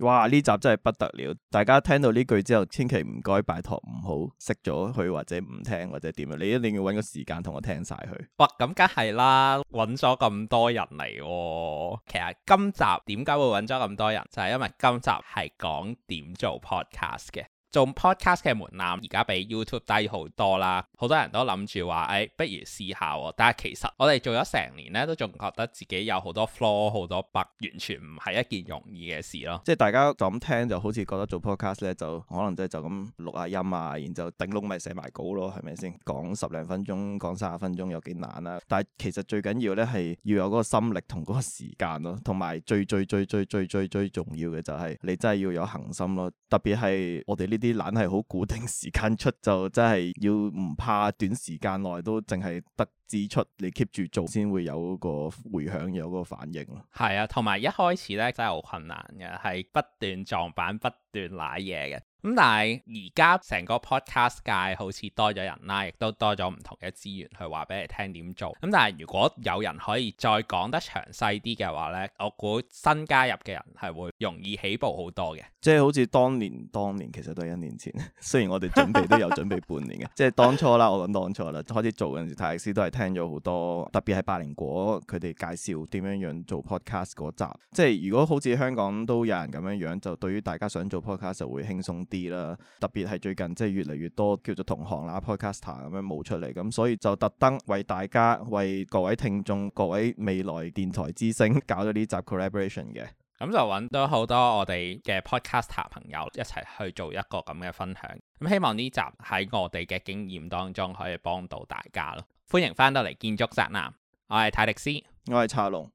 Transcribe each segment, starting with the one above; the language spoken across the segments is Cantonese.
哇！呢集真係不得了，大家聽到呢句之後，千祈唔該，拜託唔好熄咗佢，或者唔聽或者點啊！你一定要揾個時間同我聽晒佢。哇！咁梗係啦，揾咗咁多人嚟喎。其實今集點解會揾咗咁多人？就係因為今集係講點做 podcast 嘅。做 podcast 嘅門檻而家比 YouTube 低好多啦，好多人都諗住話誒不如試下，喎，但係其實我哋做咗成年咧，都仲覺得自己有好多 floor 好多筆，完全唔係一件容易嘅事咯。即係大家就咁聽就好似覺得做 podcast 咧，就可能即係就咁錄下音啊，然之後頂籠咪寫埋稿咯，係咪先？講十零分鐘講三十分鐘有幾難啊？但係其實最緊要咧係要有嗰個心力同嗰個時間咯，同埋最最最最最最最最最重要嘅就係你真係要有恒心咯。特別係我哋呢啲。啲冷係好固定時間出，就真係要唔怕短時間內都淨係得支出，你 keep 住做先會有嗰個回響，有嗰個反應咯。係啊，同埋一開始咧真係好困難嘅，係不斷撞板、不斷瀨嘢嘅。咁但係而家成個 podcast 界好似多咗人啦，亦都多咗唔同嘅資源去話俾你聽點做。咁但係如果有人可以再講得詳細啲嘅話咧，我估新加入嘅人係會容易起步好多嘅。即係好似當年，當年其實都係一年前，雖然我哋準備都有準備半年嘅。 即係當初啦，我諗當初啦，開始做陣時泰泰斯都係聽咗好多，特別係百靈果佢哋介紹點樣樣做 podcast 嗰集。即係如果好似香港都有人咁樣樣，就對於大家想做 podcast 就會輕鬆啲。啦，特別係最近即係越嚟越多叫做同行啦、啊，podcaster 咁樣冒出嚟，咁所以就特登為大家、為各位聽眾、各位未來電台之星搞咗呢集 collaboration 嘅，咁就揾到好多我哋嘅 podcaster 朋友一齊去做一個咁嘅分享，咁希望呢集喺我哋嘅經驗當中可以幫到大家咯。歡迎翻到嚟建築宅男，我係泰迪斯，我係查龍。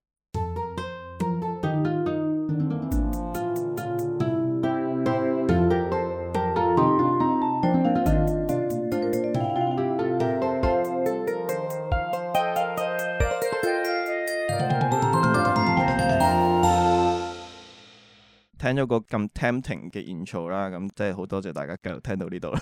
聽咗個咁 tempting 嘅 intro 啦，咁真係好多謝大家繼續聽到呢度啦。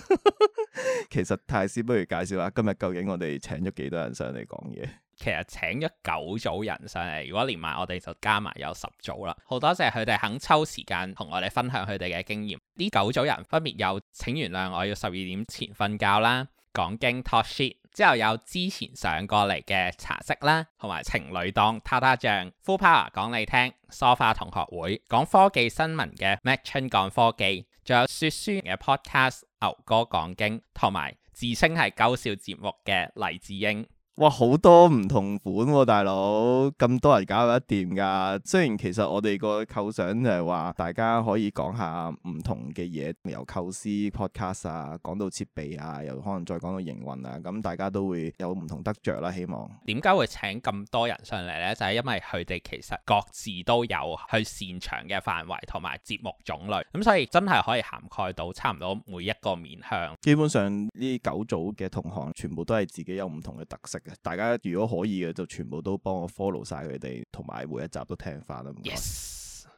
其實太師不如介紹下今日究竟我哋請咗幾多人上嚟講嘢。其實請咗九組人上嚟，如果連埋我哋就加埋有十組啦。好多謝佢哋肯抽時間同我哋分享佢哋嘅經驗。呢九組人分別有：請原諒我要十二點前瞓覺啦，講經 Talk shit。之後有之前上過嚟嘅茶嘖啦，同埋情侶檔他她醬，Full Power 講你聽，梳化同學會講科技新聞嘅 Madchun 講科技，仲有說書嘅 Podcast 牛哥講經，同埋自稱係搞笑節目嘅勵志鷹。哇，好多唔同款喎、啊，大佬咁多人搞得掂㗎！雖然其實我哋個構想就係話，大家可以講下唔同嘅嘢，由構思 podcast 啊，講到設備啊，又可能再講到營運啊，咁大家都會有唔同得着啦、啊。希望點解會請咁多人上嚟呢？就係、是、因為佢哋其實各自都有去擅長嘅範圍同埋節目種類，咁所以真係可以涵蓋到差唔多每一個面向。基本上呢九組嘅同行全部都係自己有唔同嘅特色。大家如果可以嘅，就全部都幫我 follow 晒佢哋，同埋每一集都聽翻啦，唔該。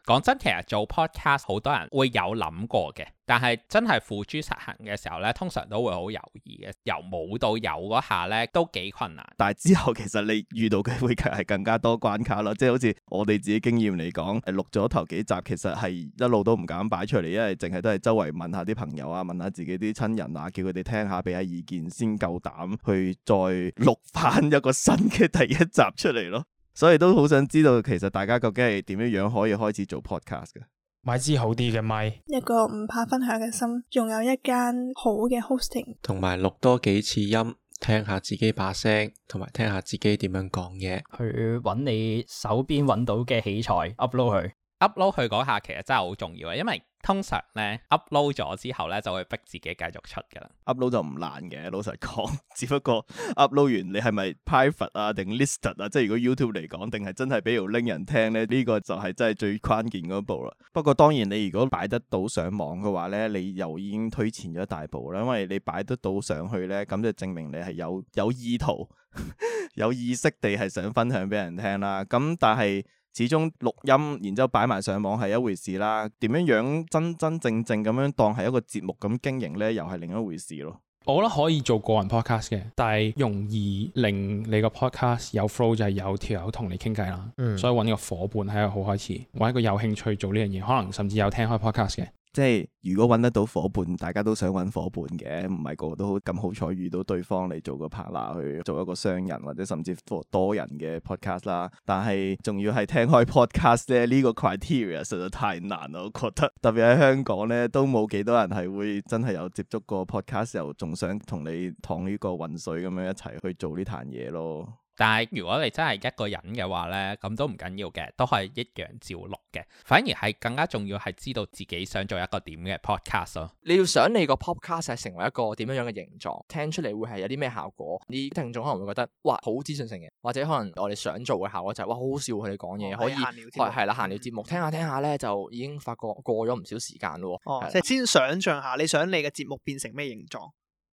講真，其實做 podcast 好多人會有諗過嘅，但係真係付諸實行嘅時候咧，通常都會好猶豫嘅。由冇到有嗰下咧，都幾困難。但係之後其實你遇到嘅會係更加多關卡咯，即係好似我哋自己經驗嚟講，錄咗頭幾集其實係一路都唔敢擺出嚟，因為淨係都係周圍問下啲朋友啊，問下自己啲親人啊，叫佢哋聽下俾下意見，先夠膽去再錄翻一個新嘅第一集出嚟咯。所以都好想知道，其實大家究竟係點樣樣可以開始做 podcast 嘅？買支好啲嘅麥，一個唔怕分享嘅心，仲有一間好嘅 hosting，同埋錄多幾次音，聽下自己把聲同埋聽下自己點樣講嘢，去揾你手邊揾到嘅器材 upload 佢。upload 佢嗰下其實真係好重要呀，因為通常咧 upload 咗之後咧，就會逼自己繼續出㗎啦。upload 就唔難嘅，老實講， 只不過 upload 完你係咪 private 啊定 listed 啊，即係如果 YouTube 嚟講，定係真係比如拎人聽咧，呢、呢個就係真係最關鍵嗰步啦。不過當然你如果擺得到上網嘅話咧，你又已經推前咗一大步啦，因為你擺得到上去咧，咁就證明你係有有意圖、 有意識地係想分享俾人聽啦。咁但係，始終錄音，然之後擺埋上網係一回事啦。點樣樣真真正正咁樣當係一個節目咁經營咧，又係另一回事咯。我覺得可以做個人 podcast 嘅，但係容易令你個 podcast 有 flow 就係有條友同你傾偈啦。嗯。所以揾個伙伴係一個好開始。揾一個有興趣做呢樣嘢，可能甚至有聽開 podcast 嘅。即係如果揾得到伙伴，大家都想揾伙伴嘅，唔係個個都咁好彩遇到對方嚟做個 partner 去做一個商人或者甚至乎多人嘅 podcast 啦。但係仲要係聽開 podcast 咧，呢個 criteria 實在太難啦，我覺得特別喺香港咧都冇幾多人係會真係有接觸過 podcast 又仲想同你趟呢個混水咁樣一齊去做呢壇嘢咯。但係如果你真係一個人嘅話咧，咁都唔緊要嘅，都係一樣照錄嘅。反而係更加重要係知道自己想做一個點嘅 podcast 咯。你要想你個 podcast 係成為一個點樣樣嘅形狀，聽出嚟，會係有啲咩效果？你啲聽眾可能會覺得哇，好資訊性嘅，或者可能我哋想做嘅效果就係、是、哇，好笑佢哋講嘢，可以係啦，閒聊節目，節目聽下聽下咧，就已經發覺過咗唔少時間咯。即係、哦、先想象下，你想你嘅節目變成咩形狀？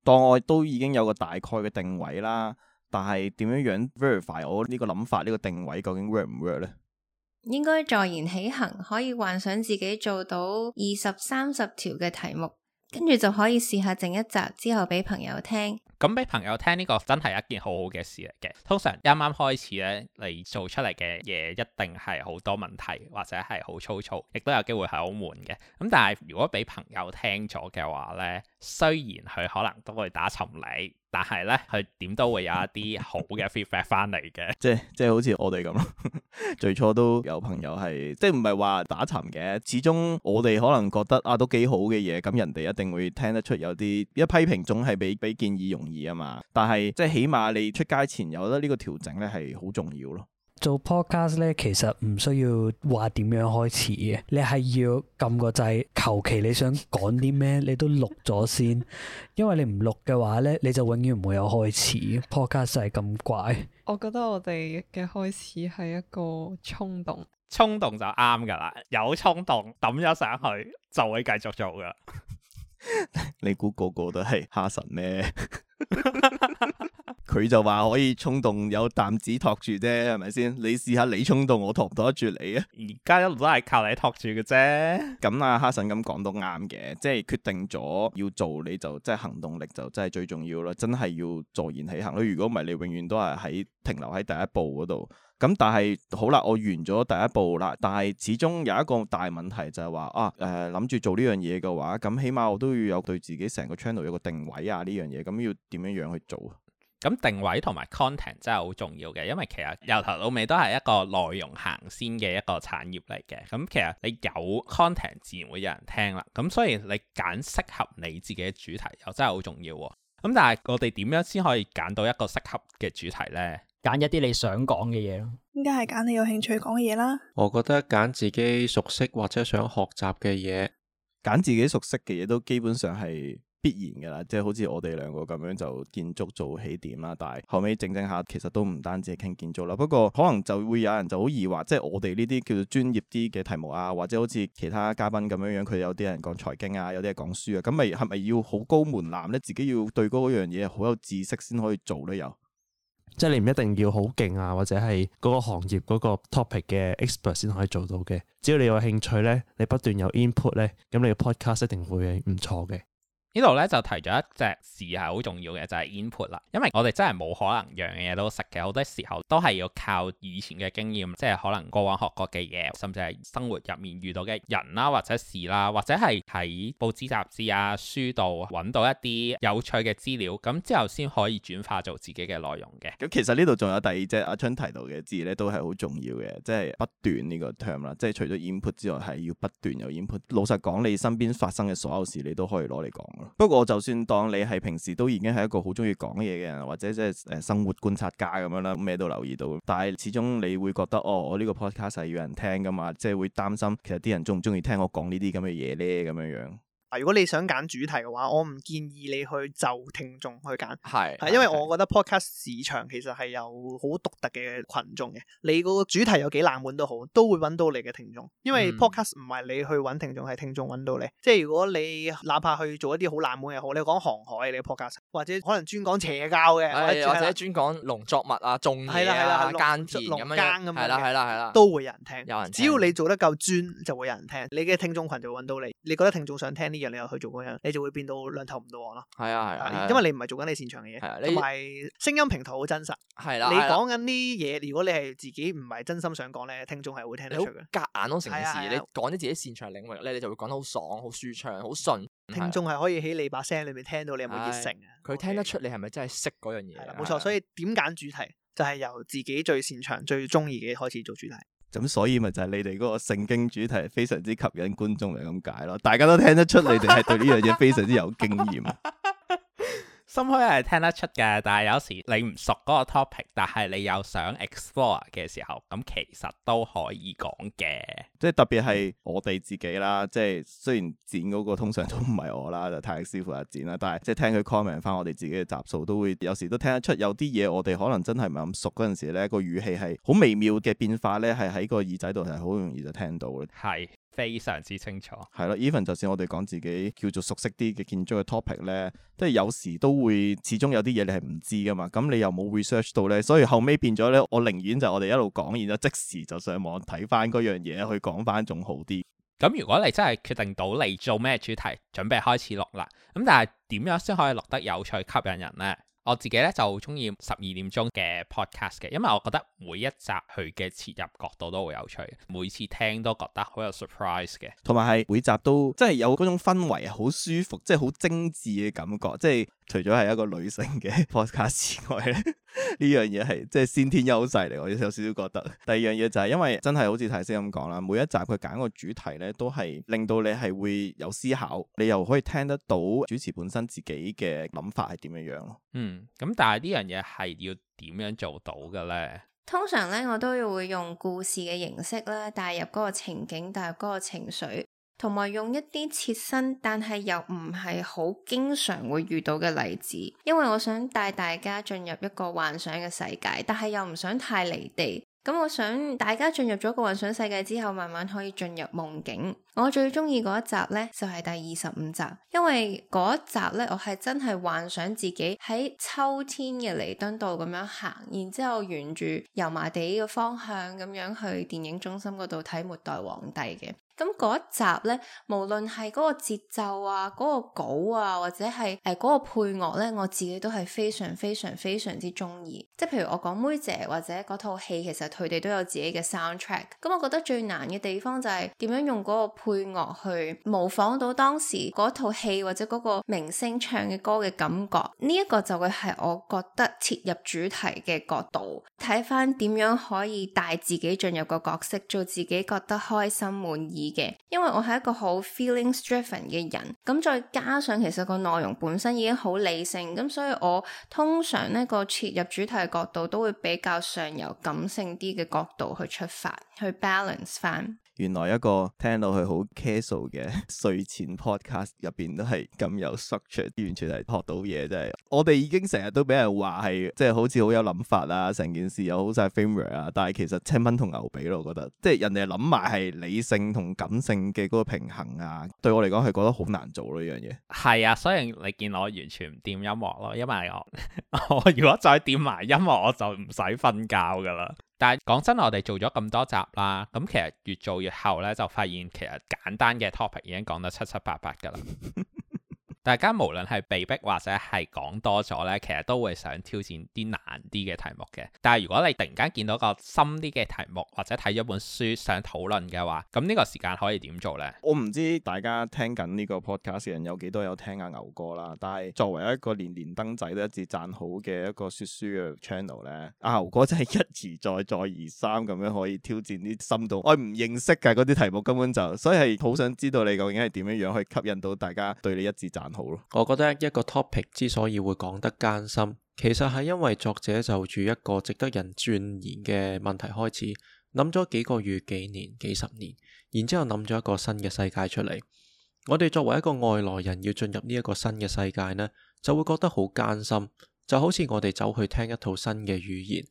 當我都已經有個大概嘅定位啦。嗯但係點樣樣 verify？我呢個諗法呢、呢個定位究竟 work 唔 work 呢？應該坐言起行，可以幻想自己做到二十三十條嘅題目，跟住就可以試下整一集之後俾朋友聽。咁俾朋友聽呢、呢個真係一件好好嘅事嚟嘅。通常啱啱開始呢，你做出嚟嘅嘢一定係好多問題，或者係好粗糙，亦都有機會係好悶嘅。咁但係如果俾朋友聽咗嘅話呢？雖然佢可能都會打沉你，但係咧佢點都會有一啲好嘅 feedback 翻嚟嘅， 即係即係好似我哋咁，最初都有朋友係，即係唔係話打沉嘅，始終我哋可能覺得啊都幾好嘅嘢，咁人哋一定會聽得出有啲一,一批評總係比比建議容易啊嘛，但係即係起碼你出街前有得呢個調整咧係好重要咯。做 podcast 咧，其實唔需要話點樣開始嘅，你係要撳個掣，求其你想講啲咩，你都錄咗先，因為你唔錄嘅話咧，你就永遠唔會有開始。 podcast 係咁怪。我覺得我哋嘅開始係一個衝動，衝動就啱噶啦，有衝動抌咗上去就會繼續做噶。 你估個個都係哈神咩？ 佢就話可以衝動有擔子托住啫，係咪先？你試下你衝動，我托唔托得住你啊？而 家一路都係靠你托住嘅啫。咁阿、 啊、哈神咁講都啱嘅，即係決定咗要做，你就即係行動力就真係最重要咯。真係要坐言起行咯。如果唔係，你永遠都係喺停留喺第一步嗰度。咁但係好啦，我完咗第一步啦，但係始終有一個大問題就係話啊，誒諗住做呢樣嘢嘅話，咁起碼我都要有對自己成個 channel 有個定位啊，呢樣嘢咁要點樣樣去做？咁定位同埋 content 真係好重要嘅，因為其實由頭到尾都係一個內容行先嘅一個產業嚟嘅。咁其實你有 content 自然會有人聽啦。咁所以你揀適合你自己嘅主題又真係好重要喎。咁但係我哋點樣先可以揀到一個適合嘅主題呢？揀一啲你想講嘅嘢咯。應該係揀你有興趣講嘅嘢啦。我覺得揀自己熟悉或者想學習嘅嘢，揀自己熟悉嘅嘢都基本上係。必然嘅啦，即係好似我哋兩個咁樣就建築做起點啦。但係後尾整整下，其實都唔單止係傾建築啦。不過可能就會有人就好疑惑，即係我哋呢啲叫做專業啲嘅題目啊，或者好似其他嘉賓咁樣樣，佢有啲人講財經啊，有啲人講書啊，咁咪係咪要好高門檻咧？自己要對嗰樣嘢好有知識先可以做咧？又即係你唔一定要好勁啊，或者係嗰個行業嗰個 topic 嘅 expert 先可以做到嘅。只要你有興趣咧，你不斷有 input 咧，咁你嘅 podcast 一定會唔錯嘅。呢度咧就提咗一隻字係好重要嘅，就係 input 啦。因為我哋真係冇可能樣嘢都食嘅，好多時候都係要靠以前嘅經驗，即係可能過往學過嘅嘢，甚至係生活入面遇到嘅人啦、或者事啦，或者係喺報紙雜誌啊書度揾到一啲有趣嘅資料，咁之後先可以轉化做自己嘅內容嘅。咁其實呢度仲有第二隻阿春提到嘅字咧，都係好重要嘅，即係不斷呢個 term 啦。即係除咗 input 之外，係要不斷有 input。老實講，你身邊發生嘅所有事，你都可以攞嚟講。不過，就算當你係平時都已經係一個好中意講嘢嘅人，或者即係誒生活觀察家咁樣啦，咩都留意到。但係始終你會覺得，哦，我呢個 podcast 係要人聽噶嘛，即係會擔心其實啲人中唔中意聽我講呢啲咁嘅嘢咧，咁樣樣。如果你想揀主題嘅話，我唔建議你去就聽眾去揀，係，係，因為我覺得 Podcast 市場其實係有好獨特嘅群眾嘅。你個主題有幾冷門都好，都會揾到你嘅聽眾，因為 Podcast 唔係你去揾聽眾，係聽眾揾到你。即係如果你哪怕去做一啲好冷門嘅，好，你講航海你 Podcast，或者可能專講邪教嘅，或者專講農作物啊種田啊耕田咁樣，係啦係啦係啦，都會有人聽，有人。只要你做得夠專，就會有人聽，你嘅聽眾群就會揾到你。你覺得聽眾想聽你又去做嗰樣，你就會變到兩頭唔到岸咯。係啊係啊，因為你唔係做緊你擅長嘅嘢，同埋聲音平台好真實。係啦，你講緊啲嘢，如果你係自己唔係真心想講咧，聽眾係會聽得出嘅。夾硬咯，成件事。你講啲自己擅長領域咧，你就會講得好爽、好舒暢、好順。聽眾係可以喺你把聲裏面聽到你有冇熱誠。佢聽得出你係咪真係識嗰樣嘢。冇錯，所以點揀主題就係由自己最擅長、最中意嘅開始做主題。咁所以咪就係你哋嗰個聖經主題非常之吸引觀眾嚟咁解咯，大家都聽得出你哋係對呢樣嘢非常之有經驗。 心虛係聽得出嘅，但係有時你唔熟嗰個 topic，但係你又想 explore 嘅時候，咁其實都可以講嘅。即係特別係我哋自己啦，即係雖然剪嗰個通常都唔係我啦，就是，太力師傅嚟剪啦，但係即係聽佢 comment 翻我哋自己嘅集數，都會有時都聽得出有啲嘢，我哋可能真係唔係咁熟嗰陣時咧，個語氣係好微妙嘅變化咧，係喺個耳仔度係好容易就聽到嘅。係。非常之清楚，係咯。even 就算我哋講自己叫做熟悉啲嘅建築嘅 topic 咧，即係有時都會始終有啲嘢你係唔知噶嘛，咁你又冇 research 到咧，所以後尾變咗咧，我寧願就我哋一路講，然之後即時就上網睇翻嗰樣嘢去講翻，仲好啲。咁如果你真係決定到嚟做咩主題，準備開始錄啦。咁但係點樣先可以錄得有趣、吸引人咧？我自己咧，就中意十二點鐘嘅 podcast 嘅，因為我覺得每一集佢嘅切入角度都好有趣，每次聽都覺得好有 surprise 嘅，同埋係每集都即係有嗰種氛圍好舒服，即係好精緻嘅感覺，即係。除咗係一個女性嘅 force 卡之外咧，呢樣嘢係即係先天優勢嚟。我有少少覺得。第二樣嘢就係因為真係好似泰升咁講啦，每一集佢揀個主題咧，都係令到你係會有思考，你又可以聽得到主持本身自己嘅諗法係點樣樣咯。嗯，咁但係呢樣嘢係要點樣做到嘅咧？通常咧，我都要會用故事嘅形式咧，帶入嗰個情景，帶入嗰個情緒。同埋用一啲切身但係又唔係好經常會遇到嘅例子，因為我想帶大家進入一個幻想嘅世界，但係又唔想太離地。咁我想大家進入咗個幻想世界之後，慢慢可以進入夢境。我最中意嗰一集咧，就係第二十五集，因為嗰一集咧，我係真係幻想自己喺秋天嘅彌敦道咁樣行，然之後沿住油麻地嘅方向咁樣去電影中心嗰度睇《末代皇帝》嘅。咁嗰一集呢，無論係嗰個節奏啊、嗰、那個稿啊，或者係誒嗰個配樂呢，我自己都係非常非常非常之中意。即係譬如我講梅姐或者嗰套戲，其實佢哋都有自己嘅 soundtrack。咁、嗯、我覺得最難嘅地方就係、是、點樣用嗰個配樂去模仿到當時嗰套戲或者嗰個明星唱嘅歌嘅感覺。呢、這、一個就會係我覺得切入主題嘅角度，睇返點樣可以帶自己進入個角色，做自己覺得開心滿意。因為我係一個好 feeling driven 嘅人，咁再加上其實個內容本身已經好理性，咁所以我通常呢個切入主題嘅角度都會比較上由感性啲嘅角度去出發，去 balance 翻。原來一個聽到佢好 casual 嘅睡前 podcast 入邊都係咁有 structure，完全係學到嘢真係。我哋已經成日都俾人話係即係好似好有諗法啊，成件事又好晒 familiar 啊。但係其實青蚊同牛比咯，我覺得即係人哋諗埋係理性同感性嘅嗰個平衡啊。對我嚟講係覺得好難做咯呢樣嘢。係啊，所以你見我完全唔掂音樂咯，因為我 我如果再掂埋音樂我就唔使瞓覺㗎啦。但係講真，我哋做咗咁多集啦，咁其實越做越後咧，就發現其實簡單嘅 topic 已經講得七七八八㗎啦。 大家無論係被逼或者係講多咗咧，其實都會想挑戰啲難啲嘅題目嘅。但係如果你突然間見到個深啲嘅題目，或者睇咗本書想討論嘅話，咁呢個時間可以點做呢？我唔知大家聽緊呢個 podcast 嘅人有幾多有聽阿牛哥啦。但係作為一個連連登仔都一致讚好嘅一個說書嘅 channel 咧，阿牛哥真係一而再、再而三咁樣可以挑戰啲深度，我唔認識㗎嗰啲題目根本就，所以係好想知道你究竟係點樣樣去吸引到大家對你一致讚。我覺得一個 topic 之所以會講得艱辛，其實係因為作者就住一個值得人鑽研嘅問題開始，諗咗幾個月、幾年、幾十年，然之後諗咗一個新嘅世界出嚟。我哋作為一個外來人要進入呢一個新嘅世界呢，就會覺得好艱辛。就好似我哋走去聽一套新嘅語言，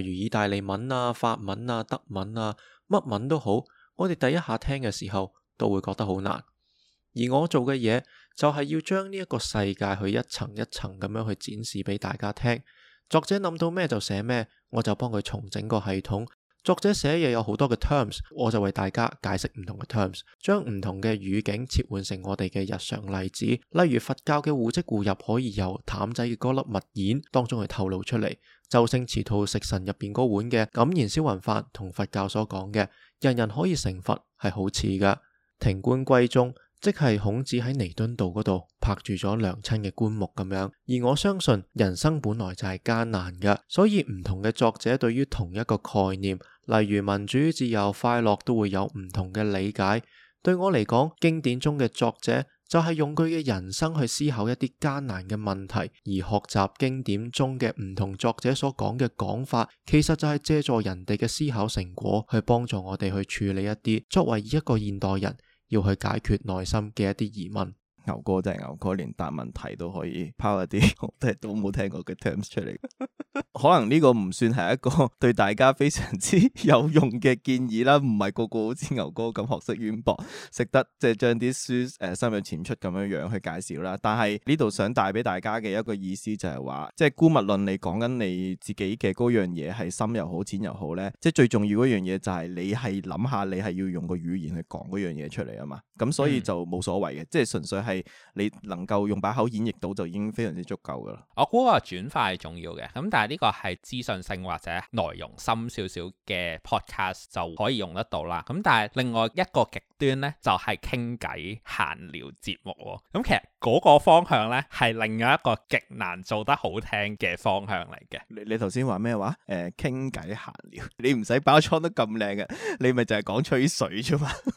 例如意大利文啊、法文啊、德文啊、乜文都好，我哋第一下聽嘅時候都會覺得好難。而我做嘅嘢。就係要將呢一個世界去一層一層咁樣去展示俾大家聽。作者諗到咩就寫咩，我就幫佢重整個系統。作者寫嘢有好多嘅 terms，我就為大家解釋唔同嘅 terms，將唔同嘅語境切換成我哋嘅日常例子。例如佛教嘅護迹護入可以由淡仔嘅嗰粒物硯當中去透露出嚟。周星馳套食神入邊嗰碗嘅黯然銷魂飯，同佛教所講嘅人人可以成佛係好似噶。庭冠歸宗。即係孔子喺彌敦道嗰度拍住咗娘親嘅棺木咁樣，而我相信人生本來就係艱難嘅，所以唔同嘅作者對於同一個概念，例如民主、自由、快樂都會有唔同嘅理解。對我嚟講，經典中嘅作者就係用佢嘅人生去思考一啲艱難嘅問題，而學習經典中嘅唔同作者所講嘅講法，其實就係借助人哋嘅思考成果去幫助我哋去處理一啲作為一個現代人。要去解決內心嘅一啲疑問。牛哥真係牛哥，連答問題都可以拋一啲，我 都係都冇聽過嘅 terms 出嚟。 可能呢個唔算係一個對大家非常之有用嘅建議啦，唔係個個好似牛哥咁學識淵博，識得即係將啲書誒深入淺出咁樣樣去介紹啦。但係呢度想帶俾大家嘅一個意思就係話，即係姑勿論你講緊你自己嘅嗰樣嘢係深又好淺又好咧，即係最重要嗰樣嘢就係你係諗下你係要用個語言去講嗰樣嘢出嚟啊嘛。咁所以就冇所謂嘅，嗯、即係純粹係你能夠用把口演繹到就已經非常之足夠噶啦。我估啊，轉化係重要嘅，咁但。但係呢個係資訊性或者內容深少少嘅 podcast 就可以用得到啦。咁但係另外一個極端呢，就係傾偈閒聊節目喎。咁、嗯、其實嗰個方向呢，係另一個極難做得好聽嘅方向嚟嘅。你你頭先話咩話？誒傾偈閒聊，你唔使包裝得咁靚嘅，你咪就係講吹水啫嘛。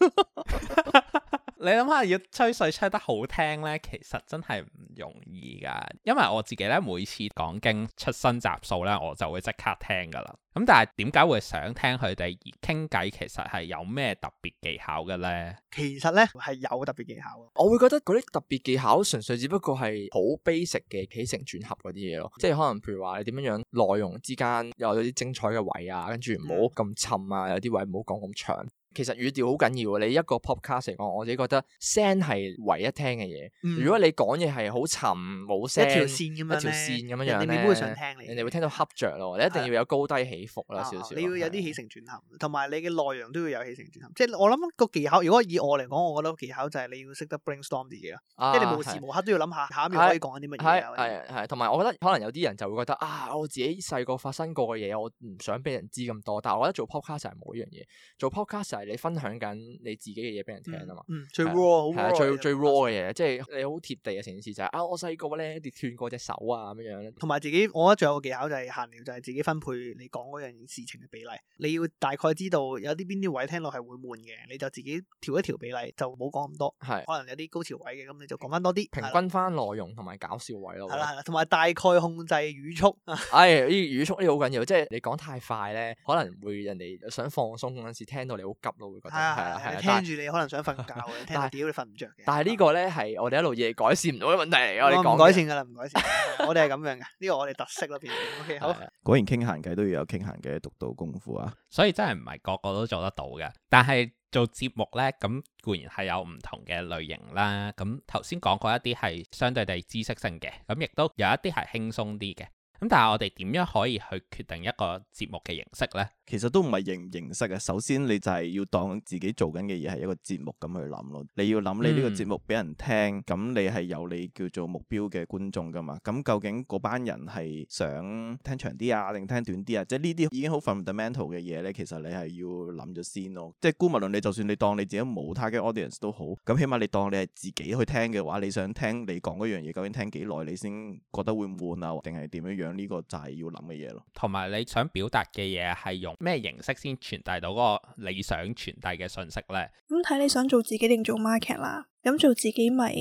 你諗下，要吹水吹，吹得好聽咧，其實真係唔容易㗎。因為我自己咧，每次講經出新集數咧，我就會即刻聽㗎啦。咁但係點解會想聽佢哋而傾偈？其實係有咩特別技巧㗎咧？其實咧係有特別技巧。我會覺得嗰啲特別技巧純粹只不過係好 basic 嘅起承轉合嗰啲嘢咯。即係可能譬如話你點樣樣內容之間又有啲精彩嘅位啊，跟住唔好咁沉啊，有啲位唔好講咁長。其實語調好緊要喎，你一個 podcast 嚟講，我自己覺得聲係唯一聽嘅嘢。如果你講嘢係好沉冇聲，一條線咁樣咧，人哋唔會想聽你。人哋會聽到恰着咯，你一定要有高低起伏啦，少少。你要有啲起承轉合，同埋你嘅內容都要有起承轉合。即係我諗個技巧，如果以我嚟講，我覺得技巧就係你要識得 brainstorm 啲嘢。啊，即係你無時無刻都要諗下，下一面可以講啲乜嘢。係同埋我覺得可能有啲人就會覺得啊，我自己細個發生過嘅嘢，我唔想俾人知咁多。但係我覺得做 podcast 係冇一樣嘢，做 podcast 你分享緊你自己嘅嘢俾人聽啊嘛，最 raw，係啊，最最是 raw 嘅嘢是，即係你好貼地嘅成件事就係、是、啊，我細個咧跌斷過一隻手啊咁樣，同埋自己我覺得仲有個技巧就係、是、閒聊，就係、是、自己分配你講嗰樣事情嘅比例，你要大概知道有啲邊啲位聽落係會悶嘅，你就自己調一調比例，就冇講咁多，係的，可能有啲高潮位嘅，咁你就講翻多啲，平均翻內容同埋搞笑位咯，係啦，係啦，同埋大概控制語速，唉、 哎，啲語速呢好緊要，即係你講太快咧，可能會人哋想放鬆嗰陣時聽到你好我會覺得係啊，聽住你可能想瞓覺嘅，聽下屌你瞓唔着嘅。但係呢個咧係我哋一路以嚟改善唔到嘅問題嚟嘅。我哋講唔改善噶啦，唔改善，我哋係咁樣嘅，呢個我哋特色咯。譬果然傾閒偈都要有傾閒偈讀到功夫啊！所以真係唔係個個都做得到嘅。但係做節目咧，咁固然係有唔同嘅類型啦。咁頭先講過一啲係相對地知識性嘅，咁亦都有一啲係輕鬆啲嘅。咁但係我哋點樣可以去決定一個節目嘅形式咧？其實都唔係形形式嘅，首先你就係要當自己做緊嘅嘢係一個節目咁去諗咯。你要諗你呢個節目俾人聽，咁、嗯、你係有你叫做目標嘅觀眾噶嘛？咁究竟嗰班人係想聽長啲啊，定聽短啲啊？即係呢啲已經好 fundamental 嘅嘢咧。其實你係要諗咗先咯。即係姑勿論你就算你當你自己冇 target 嘅 audience 都好，咁起碼你當你係自己去聽嘅話，你想聽你講嗰樣嘢究竟聽幾耐，你先覺得會悶啊，定係點樣樣？呢個就係要諗嘅嘢咯，同埋你想表達嘅嘢係用咩形式先傳遞到嗰個理想傳遞嘅信息呢？咁睇你想做自己定做 market 啦。咁做自己咪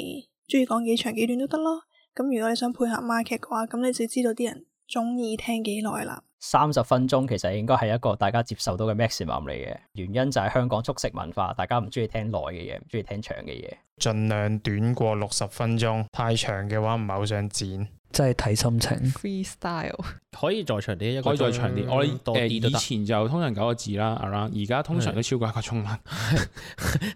中意講幾長幾短都得咯。咁如果你想配合 market 嘅話，咁你就知道啲人中意聽幾耐啦。三十分鐘其實應該係一個大家接受到嘅 maximum 嚟嘅，原因就係香港速食文化，大家唔中意聽耐嘅嘢，唔中意聽長嘅嘢，儘量短過六十分鐘，太長嘅話唔係好想剪。真係睇心情。Freestyle 可以再長啲，可以再長啲。嗯、我以、呃、以前就通常九個字啦，而家、嗯、通常都超過一個鐘啦。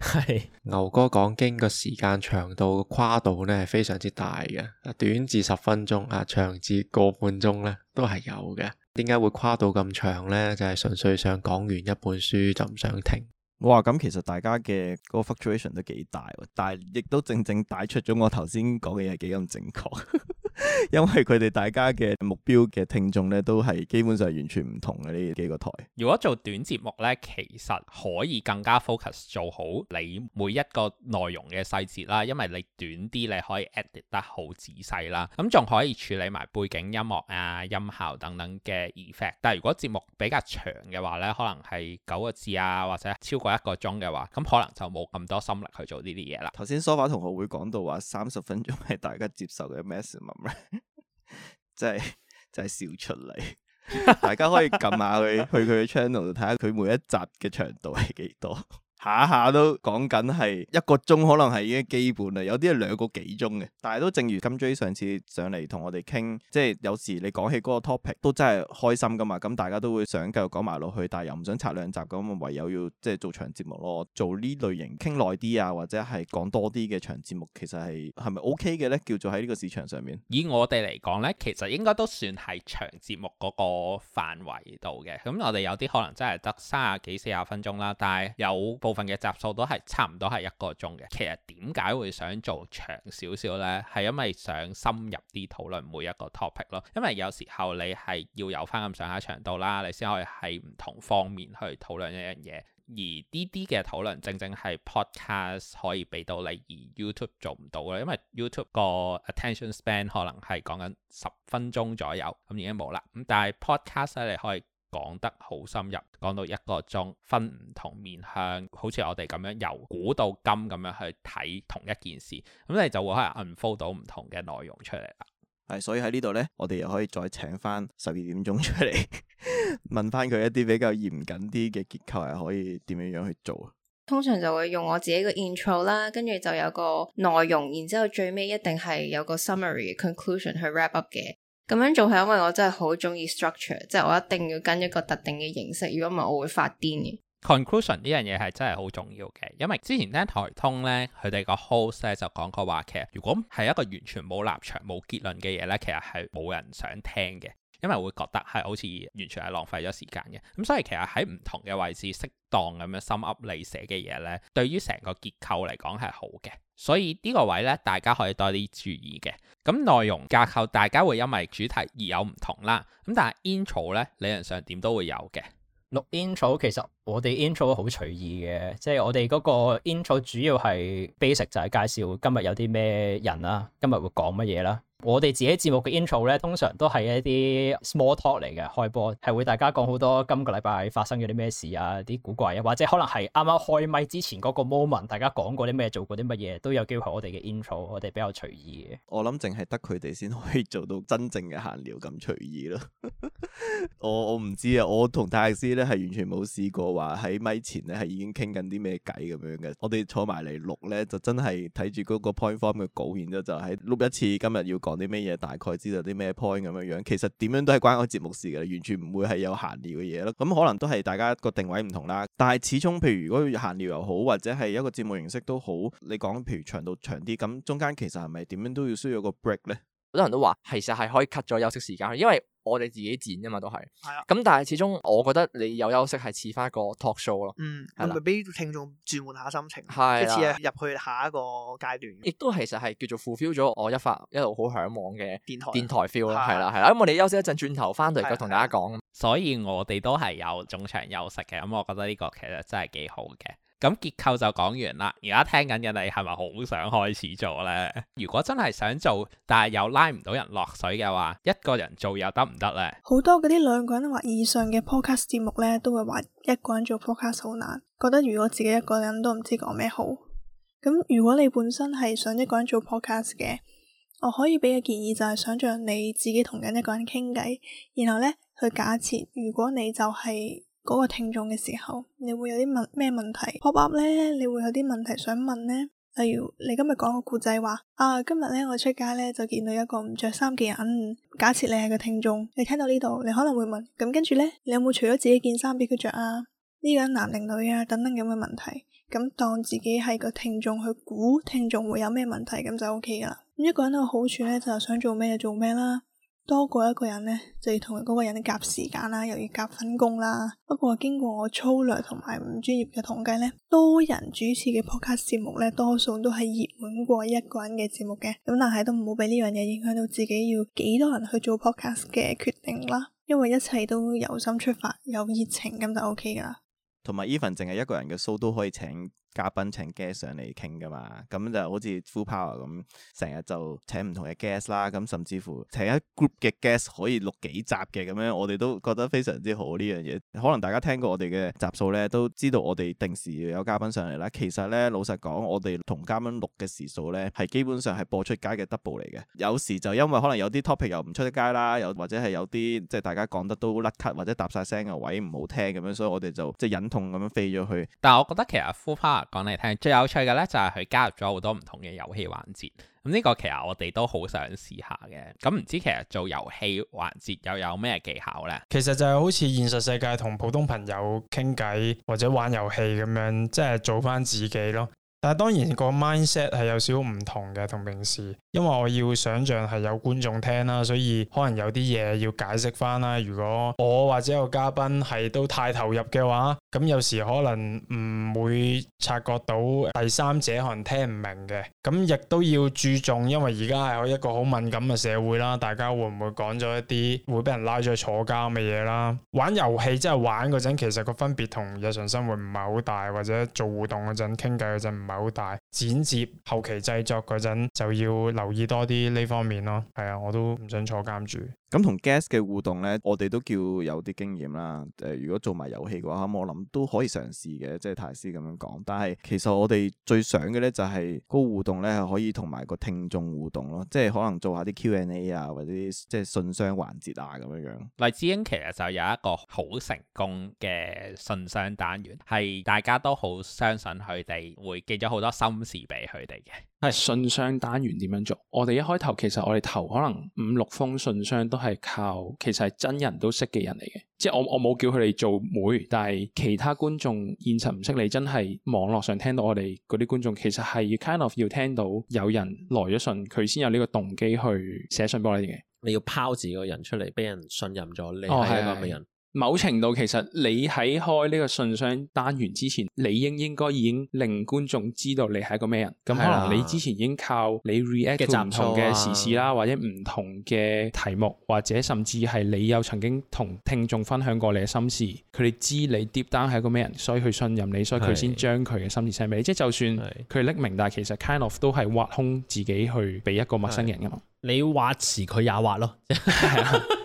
係的 的牛哥講經嘅時間長度嘅跨度呢，係非常之大嘅，短至十分鐘啊，長至個半鐘呢，都係有嘅。點解會跨到咁長呢？就係、是、純粹想講完一本書就唔想停。哇！咁其實大家嘅個 fluctuation 都幾大，但係亦都正正帶出咗我頭先講嘅嘢幾咁正確。 因為佢哋大家嘅目標嘅聽眾咧，都係基本上係完全唔同嘅呢幾個台。如果做短節目咧，其實可以更加 focus 做好你每一個內容嘅細節啦，因為你短啲，你可以 edit 得好仔細啦。咁仲可以處理埋背景音樂啊、音效等等嘅 effect。但係如果節目比較長嘅話咧，可能係九個字啊，或者超過一個鐘嘅話，咁可能就冇咁多心力去做呢啲嘢啦。頭先梳化同學會講到話，三十分鐘係大家接受嘅 message。 真係真係笑出嚟。 大家可以撳下 去去佢嘅 channel 度睇下佢每一集嘅長度係幾多。下下都講緊係一個鐘，可能係已經基本啦。有啲係兩個幾鐘嘅，但係都正如金 Jay 上次上嚟同我哋傾，即係有時你講起嗰個 topic 都真係開心噶嘛。咁大家都會想繼續講埋落去，但係又唔想拆兩集咁，唯有要即係做長節目咯。做呢類型傾耐啲啊，或者係講多啲嘅長節目，其實係係咪 OK 嘅呢？叫做喺呢個市場上面，以我哋嚟講呢，其實應該都算係長節目嗰個範圍度嘅。咁我哋有啲可能真係得三十幾四十分鐘啦，但係有部份嘅集數都係差唔多係一個鐘嘅，其實點解會想做長少少呢？係因為想深入啲討論每一個 topic 咯，因為有時候你係要有翻咁上下長度啦，你先可以喺唔同方面去討論一樣嘢。而呢啲嘅討論正正係 podcast 可以俾到你，而 YouTube 做唔到嘅，因為 YouTube 個 attention span 可能係講緊十分鐘左右，咁已經冇啦。咁但係 podcast 你可以。講得好深入，講到一個鐘，分唔同面向，好似我哋咁樣由古到今咁樣去睇同一件事，咁、嗯、你就會可能 unfold 到唔同嘅內容出嚟啦。係，所以喺呢度咧，我哋又可以再請翻十二點鐘出嚟， 問翻佢一啲比較嚴謹啲嘅結構係可以點樣樣去做。通常就會用我自己嘅 intro 啦，跟住就有個內容，然之後最尾一定係有個 summary conclusion 去 wrap up 嘅。咁樣做係因為我真係好中意 structure，即係我一定要跟一個特定嘅形式，如果唔係我會發癲嘅。Conclusion 呢樣嘢係真係好重要嘅，因為之前聽台通咧，佢哋個 host 咧就講過話，其實如果係一個完全冇立場、冇結論嘅嘢咧，其實係冇人想聽嘅。因為會覺得係好似完全係浪費咗時間嘅，咁所以其實喺唔同嘅位置適當咁樣深挖你寫嘅嘢呢，對於成個結構嚟講係好嘅，所以呢個位呢，大家可以多啲注意嘅。咁內容架構大家會因為主題而有唔同啦，咁但係 intro 呢理論上點都會有嘅。錄 intro 其實。我哋 intro 好隨意嘅，即係我哋嗰個 intro 主要係 basic，就係介紹今日有啲咩人啦、啊，今日會講乜嘢啦。我哋自己節目嘅 intro 咧，通常都係一啲 small talk 嚟嘅，開波係會大家講好多今個禮拜發生咗啲咩事啊，啲古怪啊，或者可能係啱啱開麥之前嗰個 moment，大家講過啲咩，做過啲乜嘢，都有機會係我哋嘅 intro，我哋比較隨意嘅。我諗淨係得佢哋先可以做到真正嘅閒聊咁隨意咯。 我我唔知啊，我同泰師咧係完全冇試過。話喺咪前咧係已經傾緊啲咩偈咁樣嘅，我哋坐埋嚟錄咧就真係睇住嗰個 point form 嘅稿，然之後就喺錄一次今日要講啲咩嘢，大概知道啲咩 point 咁樣樣。其實點樣都係關我節目的事嘅，完全唔會係有閒聊嘅嘢咯。咁可能都係大家個定位唔同啦。但係始終，譬如如果要閒聊又好，或者係一個節目形式都好，你講譬如長度長啲，咁中間其實係咪點樣都要需要個 break 咧？好多人都話，其實係可以 cut 咗休息時間，因為我哋自己剪噶嘛，都係。係啊。咁但係始終，我覺得你有休息係似翻一個 talk show 咯。嗯。係咪俾聽眾轉換下心情？係。即係似係入去下一個階段。亦都其實係叫做 fulfill 咗我一發一路好向往嘅電台電台 feel 咯，係啦係啦。咁我哋休息一陣，轉頭翻嚟，再同大家講。所以我哋都係有中場休息嘅，咁我覺得呢個其實真係幾好嘅。咁結構就講完啦。而家聽緊嘅你係咪好想開始做呢？ 如果真係想做，但係又拉唔到人落水嘅話，一個人做又得唔得呢？好多嗰啲兩個人或以上嘅 podcast 節目呢，都會話一個人做 podcast 好難。覺得如果自己一個人都唔知講咩好。咁如果你本身係想一個人做 podcast 嘅，我可以俾嘅建議就係想象你自己同緊一個人傾偈，然後呢，去假設如果你就係……嗰個聽眾嘅時候，你會有啲問咩問題 pop up 咧？你會有啲問題想問呢？例如你今日講個故仔話啊，今日咧我出街咧就見到一個唔着衫嘅人。嗯、假設你係個聽眾，你聽到呢度，你可能會問，咁跟住咧，你有冇除咗自己件衫俾佢着啊？呢、這個人男定女啊？等等咁嘅問題。咁當自己係個聽眾去估聽眾會有咩問題，咁就 O K 噶啦。咁一個人嘅好處咧，就係想做咩就做咩啦。多過一個人呢，就要同嗰個人夾時間啦，又要夾份工啦。不過經過我粗略同埋唔專業嘅統計呢，多人主持嘅 podcast 節目呢，多數都係熱門過一個人嘅節目嘅。咁但係都唔好俾呢樣嘢影響到自己要幾多人去做 podcast 嘅決定啦。因為一切都由心出發，有熱情咁就 OK 噶啦。同埋 even 淨係一個人嘅 show 都可以請。嘉賓請 guest 上嚟傾㗎嘛，咁就好似 full power 咁，成日就請唔同嘅 guest 啦，咁甚至乎請一 group 嘅 guest 可以錄幾集嘅咁樣，我哋都覺得非常之好呢樣嘢。可能大家聽過我哋嘅集數咧，都知道我哋定時要有嘉賓上嚟啦。其實咧，老實講，我哋同嘉賓錄嘅時數咧，係基本上係播出街嘅 double 嚟嘅。有時就因為可能有啲 topic 又唔出得街啦，又或者係有啲即係大家講得都甩咳，或者搭晒聲嘅位唔好聽咁樣，所以我哋就即係忍痛咁樣飛咗去。但係我覺得其實 full power，講嚟聽，最有趣嘅咧就係佢加入咗好多唔同嘅遊戲環節，咁呢個其實我哋都好想試下嘅。咁唔知其實做遊戲環節又有咩技巧呢？其實就係好似現實世界同普通朋友傾偈或者玩遊戲咁樣，即係做返自己咯。但係當然個 mindset 係有少少唔同嘅同平時，因為我要想象係有觀眾聽啦，所以可能有啲嘢要解釋翻啦。如果我或者個嘉賓係都太投入嘅話，咁有時可能唔會察覺到第三者可能聽唔明嘅。咁亦都要注重，因為而家係一個好敏感嘅社會啦，大家會唔會講咗一啲會俾人拉咗去坐監嘅嘢啦？玩遊戲即係、就是、玩嗰陣，其實個分別同日常生活唔係好大，或者做互動嗰陣傾偈嗰陣唔係。有大剪接，後期製作嗰陣就要留意多啲呢方面咯。係啊，我都唔想坐監住。咁同 guest 嘅互動咧，我哋都叫有啲經驗啦。誒、呃，如果做埋遊戲嘅話，嗯、我諗都可以嘗試嘅，即係泰師咁樣講。但係其實我哋最想嘅咧就係、是、個互動咧，可以同埋個聽眾互動咯，即係可能做下啲 Q&A 啊，或者即係信箱環節啊咁樣樣。黎智英其實就有一個好成功嘅信箱單元，係大家都好相信佢哋會寄咗好多心事俾佢哋嘅。係信箱單元點樣做？我哋一開頭其實我哋頭可能五六封信箱都係靠，其實係真人都識嘅人嚟嘅，即係我我冇叫佢哋做妹，但係其他觀眾現實唔識你，真係網絡上聽到我哋嗰啲觀眾，其實係 kind of 要聽到有人來咗信，佢先有呢個動機去寫信俾我哋嘅。你要拋自己個人出嚟，俾人信任咗你係咪人？哦某程度其實你喺開呢個信箱單元之前，你應應該已經令觀眾知道你係一個咩人。咁、嗯、可能你之前已經靠你 react 嘅唔同嘅時事啦，或者唔同嘅題目，或者甚至係你有曾經同聽眾分享過你嘅心事，佢哋知你 deep down 係一個咩人，所以去信任你，所以佢先將佢嘅心事寫俾你。即係是就算佢匿名，但係其實 kind of 都係挖空自己去俾一個陌生人㗎嘛。你挖詞佢也挖咯。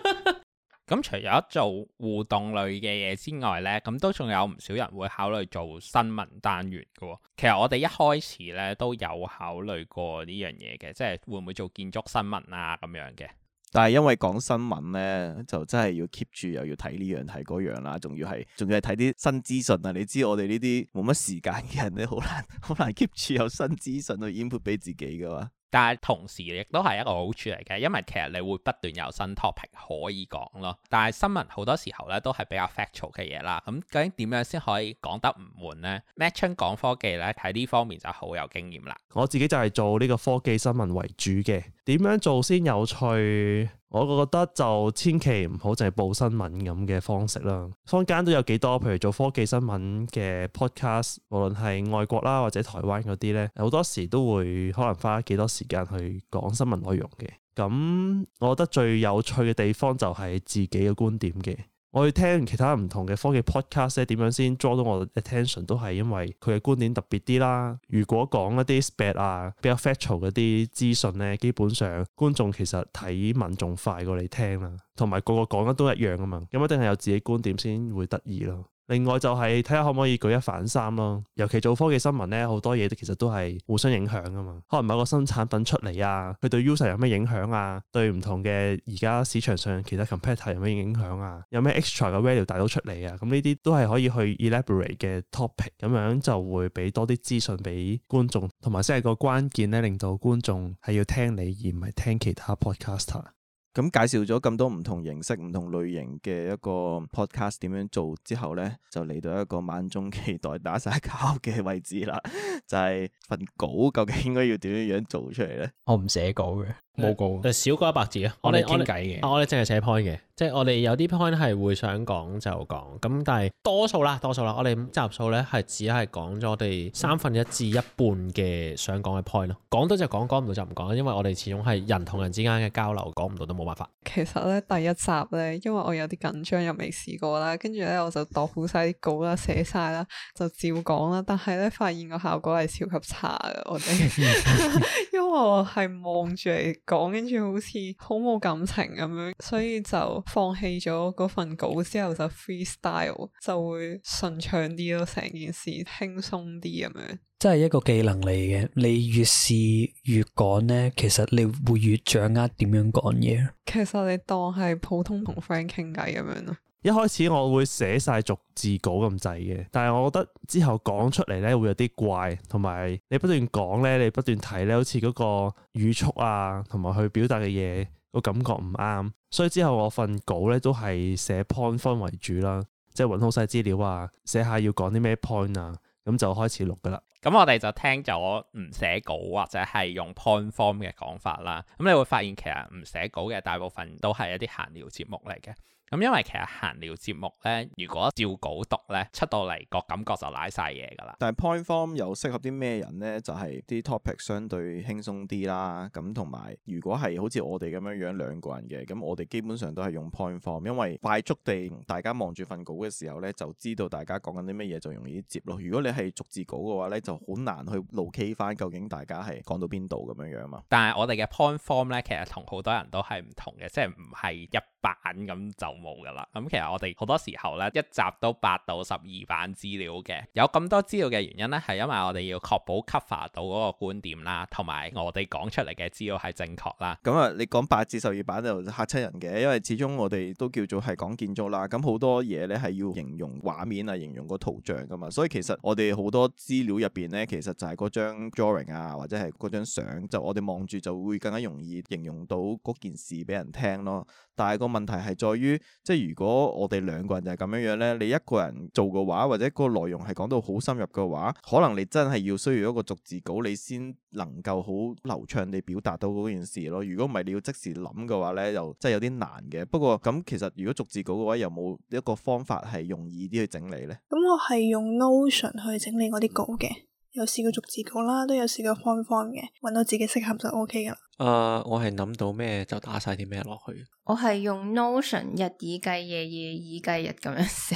咁除咗做互動類嘅嘢之外呢，咁都仲有唔少人會考慮做新聞單元嘅喎。其實我哋一開始呢都有考慮過呢樣嘢嘅，即係會唔會做建築新聞啊咁樣嘅。但係因為講新聞呢，就真係要 keep 住又要睇呢樣睇嗰樣啦，仲要係仲要係睇啲新資訊啊！你知我哋呢啲冇乜時間嘅人咧，好難好難 keep 住有新資訊去 input 俾自己噶嘛。但係同時亦都係一個好處嚟嘅，因為其實你會不斷有新 topic 可以講咯。但係新聞好多時候咧都係比較 factual 嘅嘢啦。咁、嗯、究竟點樣先可以講得唔悶呢？Madchun 講科技咧喺呢方面就好有經驗啦。我自己就係做呢個科技新聞為主嘅，點樣做先有趣？我覺得就千祈唔好淨係報新聞咁嘅方式啦。坊間都有幾多，譬如做科技新聞嘅 Podcast，無論係外國啦或者台灣嗰啲咧，好多時都會可能花幾多時間去講新聞內容嘅。咁我覺得最有趣嘅地方就係自己嘅觀點嘅。我去聽其他唔同嘅科技 podcast 咧，點樣先 draw 到我 attention 都係因為佢嘅觀點特別啲啦。如果講一啲 spec 啊、比較 factual 嗰啲資訊呢，基本上觀眾其實睇文仲快過你聽啦，同埋個個講得都一樣啊嘛，咁一定係有自己觀點先會得意咯。另外就係睇下可唔可以舉一反三咯，尤其做科技新聞咧，好多嘢其實都係互相影響啊嘛。可能某個新產品出嚟啊，佢對 U 型有咩影響啊？對唔同嘅而家市場上其他 competitor 有咩影響啊？有咩 extra 嘅 value 大到出嚟啊？咁呢啲都係可以去 elaborate 嘅 topic，咁樣就會俾多啲資訊俾觀眾，同埋即係個關鍵咧，令到觀眾係要聽你而唔係聽其他 podcaster，啊。咁介紹咗咁多唔同形式、唔同類型嘅一個 podcast 點樣做之後咧，就嚟到一個萬眾期待打晒交嘅位置啦，就係、是、份稿究竟應該要點樣樣做出嚟咧？我唔寫稿嘅。冇稿，就少過一百字啊。我哋傾偈嘅，我哋淨係寫 point 嘅，即係我哋有啲 point 係會想講就講，咁但係多數啦，多數啦，我哋集數咧係只係講咗我哋三分一至一半嘅想講嘅 point 咯，講到就講，講唔到就唔講，因為我哋始終係人同人之間嘅交流，講唔到都冇辦法。其實咧第一集咧，因為我有啲緊張又未試過啦，跟住咧我就度好晒啲稿啦，寫晒啦，就照講啦，但係咧發現個效果係超級差嘅，我哋， 因為我係望住你。.講跟住好似好冇感情咁樣，所以就放棄咗嗰份稿之後就 freestyle 就會順暢啲咯，成件事輕鬆啲咁樣。即係一個技能嚟嘅，你越試越講呢，其實你會越掌握點樣講嘢。其實你當係普通同 friend 傾偈咁樣咯。一開始我會寫晒逐字稿咁滯嘅，但係我覺得之後講出嚟咧會有啲怪，同埋你不斷講咧，你不斷睇咧，好似嗰個語速啊，同埋去表達嘅嘢個感覺唔啱，所以之後我份稿咧都係寫 point form 為主啦，即係搵好晒資料啊，寫下要講啲咩 point 啊，咁就開始錄噶啦。咁我哋就聽咗唔寫稿或者係用 point form 嘅講法啦。咁你會發現其實唔寫稿嘅大部分都係一啲閒聊節目嚟嘅。咁、嗯、因為其實閒聊節目咧，如果照稿讀咧，出到嚟個感覺就瀨晒嘢噶啦。但係 point form 又適合啲咩人咧？就係、是、啲 topic 相對輕鬆啲啦。咁同埋，如果係好似我哋咁樣樣兩個人嘅，咁我哋基本上都係用 point form，因為快速地大家望住份稿嘅時候咧，就知道大家講緊啲咩嘢，就容易接咯。如果你係逐字稿嘅話咧，就好難去 locate 翻究竟大家係講到邊度咁樣樣嘛。但係我哋嘅 point form 咧，其實同好多人都係唔同嘅，即係唔係一版咁就冇噶啦，咁、嗯、其實我哋好多時候咧，一集都八到十二版資料嘅，有咁多資料嘅原因咧係因為我哋要確保 cover 到嗰個觀點啦，同埋我哋講出嚟嘅資料係正確啦。咁啊，你講八至十二版就嚇親人嘅，因為始終我哋都叫做係講建築啦，咁好多嘢咧係要形容畫面啊，形容個圖像噶嘛，所以其實我哋好多資料入邊咧，其實就係嗰張 drawing 啊，或者係嗰張相，就我哋望住就會更加容易形容到嗰件事俾人聽咯。但係個問題係在於，即係如果我哋兩個人就係咁樣樣咧，你一個人做嘅話，或者個內容係講到好深入嘅話，可能你真係要需要一個逐字稿，你先能夠好流暢地表達到嗰件事咯。如果唔係，你要即時諗嘅話咧，又真係有啲難嘅。不過咁，其實如果逐字稿嘅話，有冇一個方法係容易啲去整理咧？咁我係用 Notion 去整理嗰啲稿嘅。嗯有試過逐字稿啦，都有試過方方嘅，搵到自己適合就 O K 噶啦。誒、呃，我係諗到咩就打晒啲咩落去。我係用 Notion 日以繼夜，夜以繼日咁樣寫。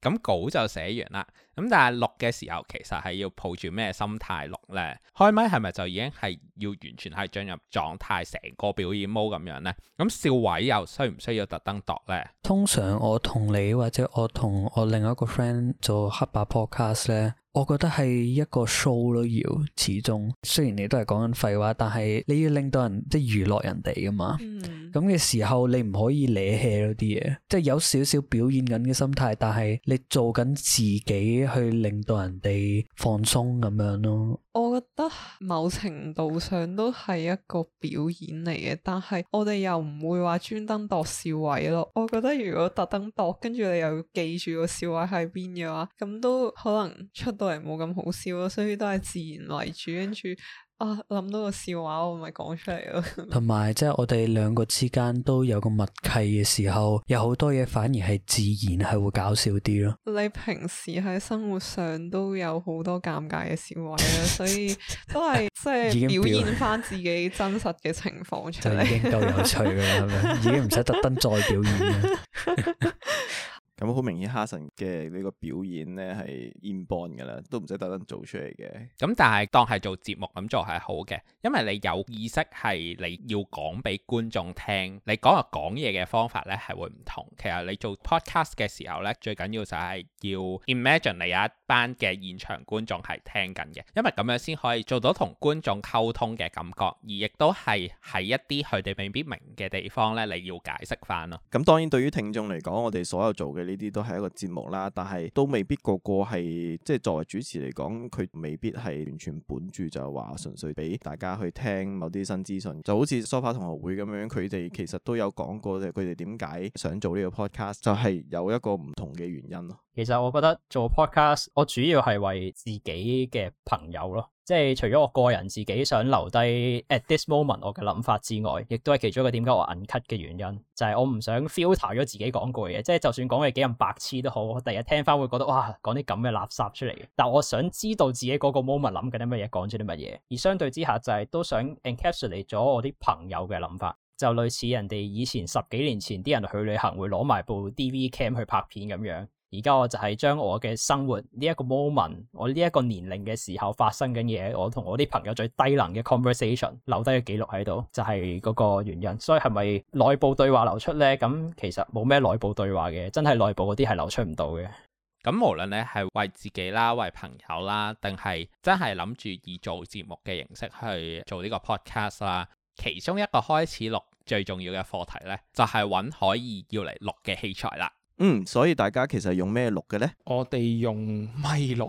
咁、嗯、稿就寫完啦。咁但係錄嘅時候，其實係要抱住咩心態錄呢？開麥係咪就已經係要完全係進入狀態，成個表演 mode 咁樣呢？咁、嗯、笑位又需唔需要特登度呢？通常我同你或者我同我另外一個 friend 做黑白 podcast 呢，我覺得係一個 show 咯，要始終雖然你都係講緊廢話，但係你要令到人即係娛樂人哋噶嘛。咁嘅、嗯、時候你唔可以惹氣嗰啲嘢，即係有少少表演緊嘅心態，但係你做緊自己去令到人哋放鬆咁樣咯。我覺得某程度上都係一個表演嚟嘅，但係我哋又唔會話專登度笑位咯。我覺得如果特登度，跟住你又要記住個笑位喺邊嘅話，咁都可能出到。冇咁好笑咯，所以都係自然為主，跟住啊諗到個笑話我咪講出嚟咯。同埋即係我哋兩個之間都有個默契嘅時候，有好多嘢反而係自然係會搞笑啲咯。你平時喺生活上都有好多尷尬嘅笑話啊， 所以都係即係表現翻自己真實嘅情況出嚟， 就已經夠有趣噶啦， 係咪已經唔使特登再表演啦。 咁好明顯，哈神嘅呢個表演咧係 inborn 嘅啦，都唔使特登做出嚟嘅。咁、嗯、但係當係做節目咁做係好嘅，因為你有意識係你要講俾觀眾聽，你講話講嘢嘅方法呢係會唔同。其實你做 podcast 嘅時候呢，最緊要就係要 imagine 你有一班嘅現場觀眾係聽緊嘅，因為咁樣先可以做到同觀眾溝通嘅感覺，而亦都係喺一啲佢哋未必明嘅地方呢，你要解釋翻咯。咁、嗯、當然對於聽眾嚟講，我哋所有做嘅。呢啲都係一個節目啦，但係都未必個個係即係作為主持嚟講，佢未必係完全本住就話純粹俾大家去聽某啲新資訊。就好似梳化同學會咁樣，佢哋其實都有講過，佢哋點解想做呢個 podcast，就係有一個唔同嘅原因咯。其實我覺得做 podcast，我主要係為自己嘅朋友咯。即係除咗我個人自己想留低 at this moment 我嘅諗法之外，亦都係其中一個點解我 uncut 嘅原因，就係、是、我唔想 filter 咗自己講句嘢，即係就算講嘢幾咁白痴都好，我第日聽翻會覺得哇講啲咁嘅垃圾出嚟。但我想知道自己嗰個 moment 諗緊啲乜嘢，講咗啲乜嘢。而相對之下就係都想 encapsulate 咗我啲朋友嘅諗法，就類似人哋以前十幾年前啲人去旅行會攞埋部 DV cam 去拍片咁樣。而家我就係將我嘅生活呢一個 moment，我呢一個年齡嘅時候發生緊嘢，我同我啲朋友最低能嘅 conversation 留低嘅記錄喺度，就係嗰個原因。所以係咪內部對話流出呢？咁其實冇咩內部對話嘅，真係內部嗰啲係流出唔到嘅。咁無論咧係為自己啦，為朋友啦，定係真係諗住以做節目嘅形式去做呢個 podcast 啦，其中一個開始錄最重要嘅課題呢，就係揾可以要嚟錄嘅器材啦。嗯，所以大家其實用咩錄嘅咧？我哋用咪錄，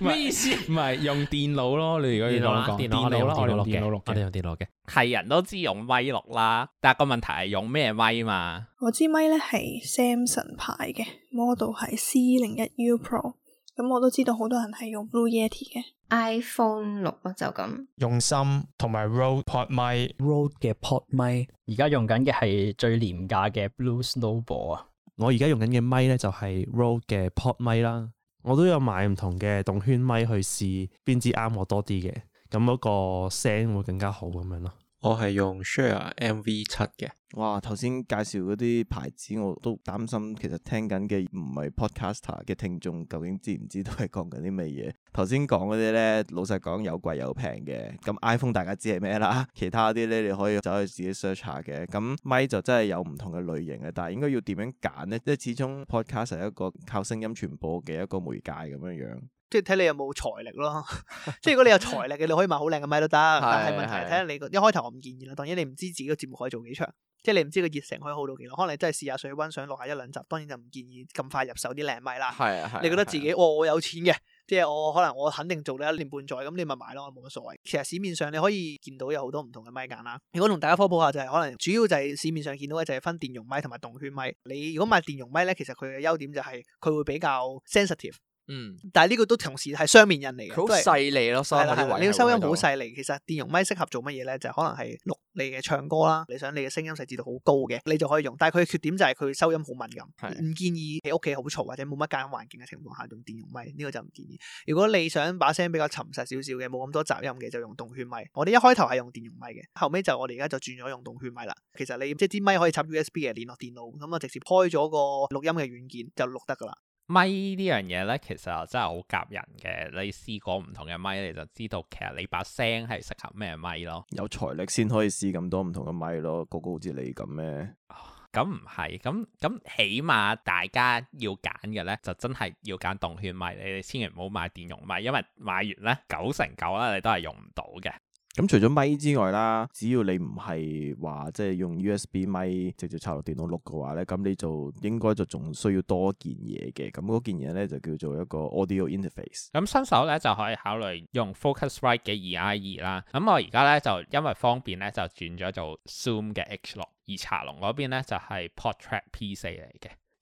咩意思？唔係用電腦咯，你如果要講電腦啦，電腦啦，電腦錄嘅，我哋用電腦嘅，係人都知用咪錄啦，但係個問題係用咩咪嘛？我支咪咧係 Samson 牌嘅，model 係 C 零一 U Pro。咁我都知道好多人係用 Blue Yeti 嘅 iPhone 六咯，就咁。用心同埋 Rode Pod Mic，Rode 嘅 Pod Mic。而家用緊嘅係最廉價嘅 Blue Snowball 啊！我而家用緊嘅 mic 咧就係 Rode 嘅 Pod Mic 啦。我都有買唔同嘅動圈 Mic 去試，邊支啱我多啲嘅，咁嗰個聲會更加好咁樣咯。我係用 Shure MV7 嘅。哇，頭先介紹嗰啲牌子，我都擔心，其實聽緊嘅唔係 Podcaster 嘅聽眾，究竟知唔知道係講緊啲乜嘢？頭先講嗰啲咧，老實講有貴有平嘅。咁 iPhone 大家知係咩啦？其他啲咧，你可以走去自己 search 下嘅。咁咪，咪就真係有唔同嘅類型嘅，但係應該要點樣揀咧？即係始終 Podcast 係一個靠聲音傳播嘅一個媒介咁樣樣。即係睇你有冇財力咯， 即係如果你有財力嘅，你可以買好靚嘅咪都得， 但係問題係睇下你 一開頭，我唔建議咯。當然你唔知自己個節目可以做幾長，即係你唔知個熱誠可以好到幾耐，可能你真係試下水溫，想落下，下一兩集，當然就唔建議咁快入手啲靚咪啦。係啊，你覺得自己，哇、 哦，我有錢嘅，即係我可能我肯定做到一年半載，咁你咪買咯，冇乜所謂。其實市面上你可以見到有好多唔同嘅咪揀啦。如果同大家科普下就係、是，可能主要就係市面上見到嘅就係分電容咪同埋動圈咪。你如果買電容咪咧，其實佢嘅優點就係佢會比較 sensitive。嗯，但係呢個都同時係雙面刃嚟嘅，好犀利咯收音。你要收音好犀利，的其實電容咪適合做乜嘢咧？就是、可能係錄你嘅唱歌啦。嗯、你想你嘅聲音細緻度好高嘅，你就可以用。但係佢嘅缺點就係佢收音好敏感，唔的建議喺屋企好嘈或者冇乜隔音環境嘅情況下用電容咪。呢、這個就唔建議。如果你想把聲比較沉實少少嘅，冇咁多雜音嘅，就用動圈咪。我哋一開頭係用電容咪嘅，後尾就我哋而家就轉咗用動圈咪啦。其實你即係啲咪可以插 USB 嘅，連落電腦咁啊，直接開咗個錄音嘅軟件就錄得噶啦。咪呢樣嘢咧，其實真係好夾人嘅。你試過唔同嘅咪，你就知道其實你把聲係適合咩咪咯。有財力先可以試咁多唔同嘅咪咯。個個好似你咁咩？咁唔係，咁咁起碼大家要揀嘅咧，就真係要揀動圈咪。你哋千祈唔好買電容咪，因為買完咧九成九啦，你都係用唔到嘅。咁除咗咪之外啦，只要你唔係話即係用 USB 咪直接插落電腦錄嘅話咧，咁你就應該就仲需要多件嘢嘅。咁嗰件嘢咧就叫做一個 audio interface。咁新手咧就可以考慮用 Focusrite 嘅 2i2 啦。咁我而家咧就因為方便咧就轉咗做 Zoom 嘅 H 六，log, 而茶龍嗰邊咧就係、是、PodTrak P 四嚟嘅。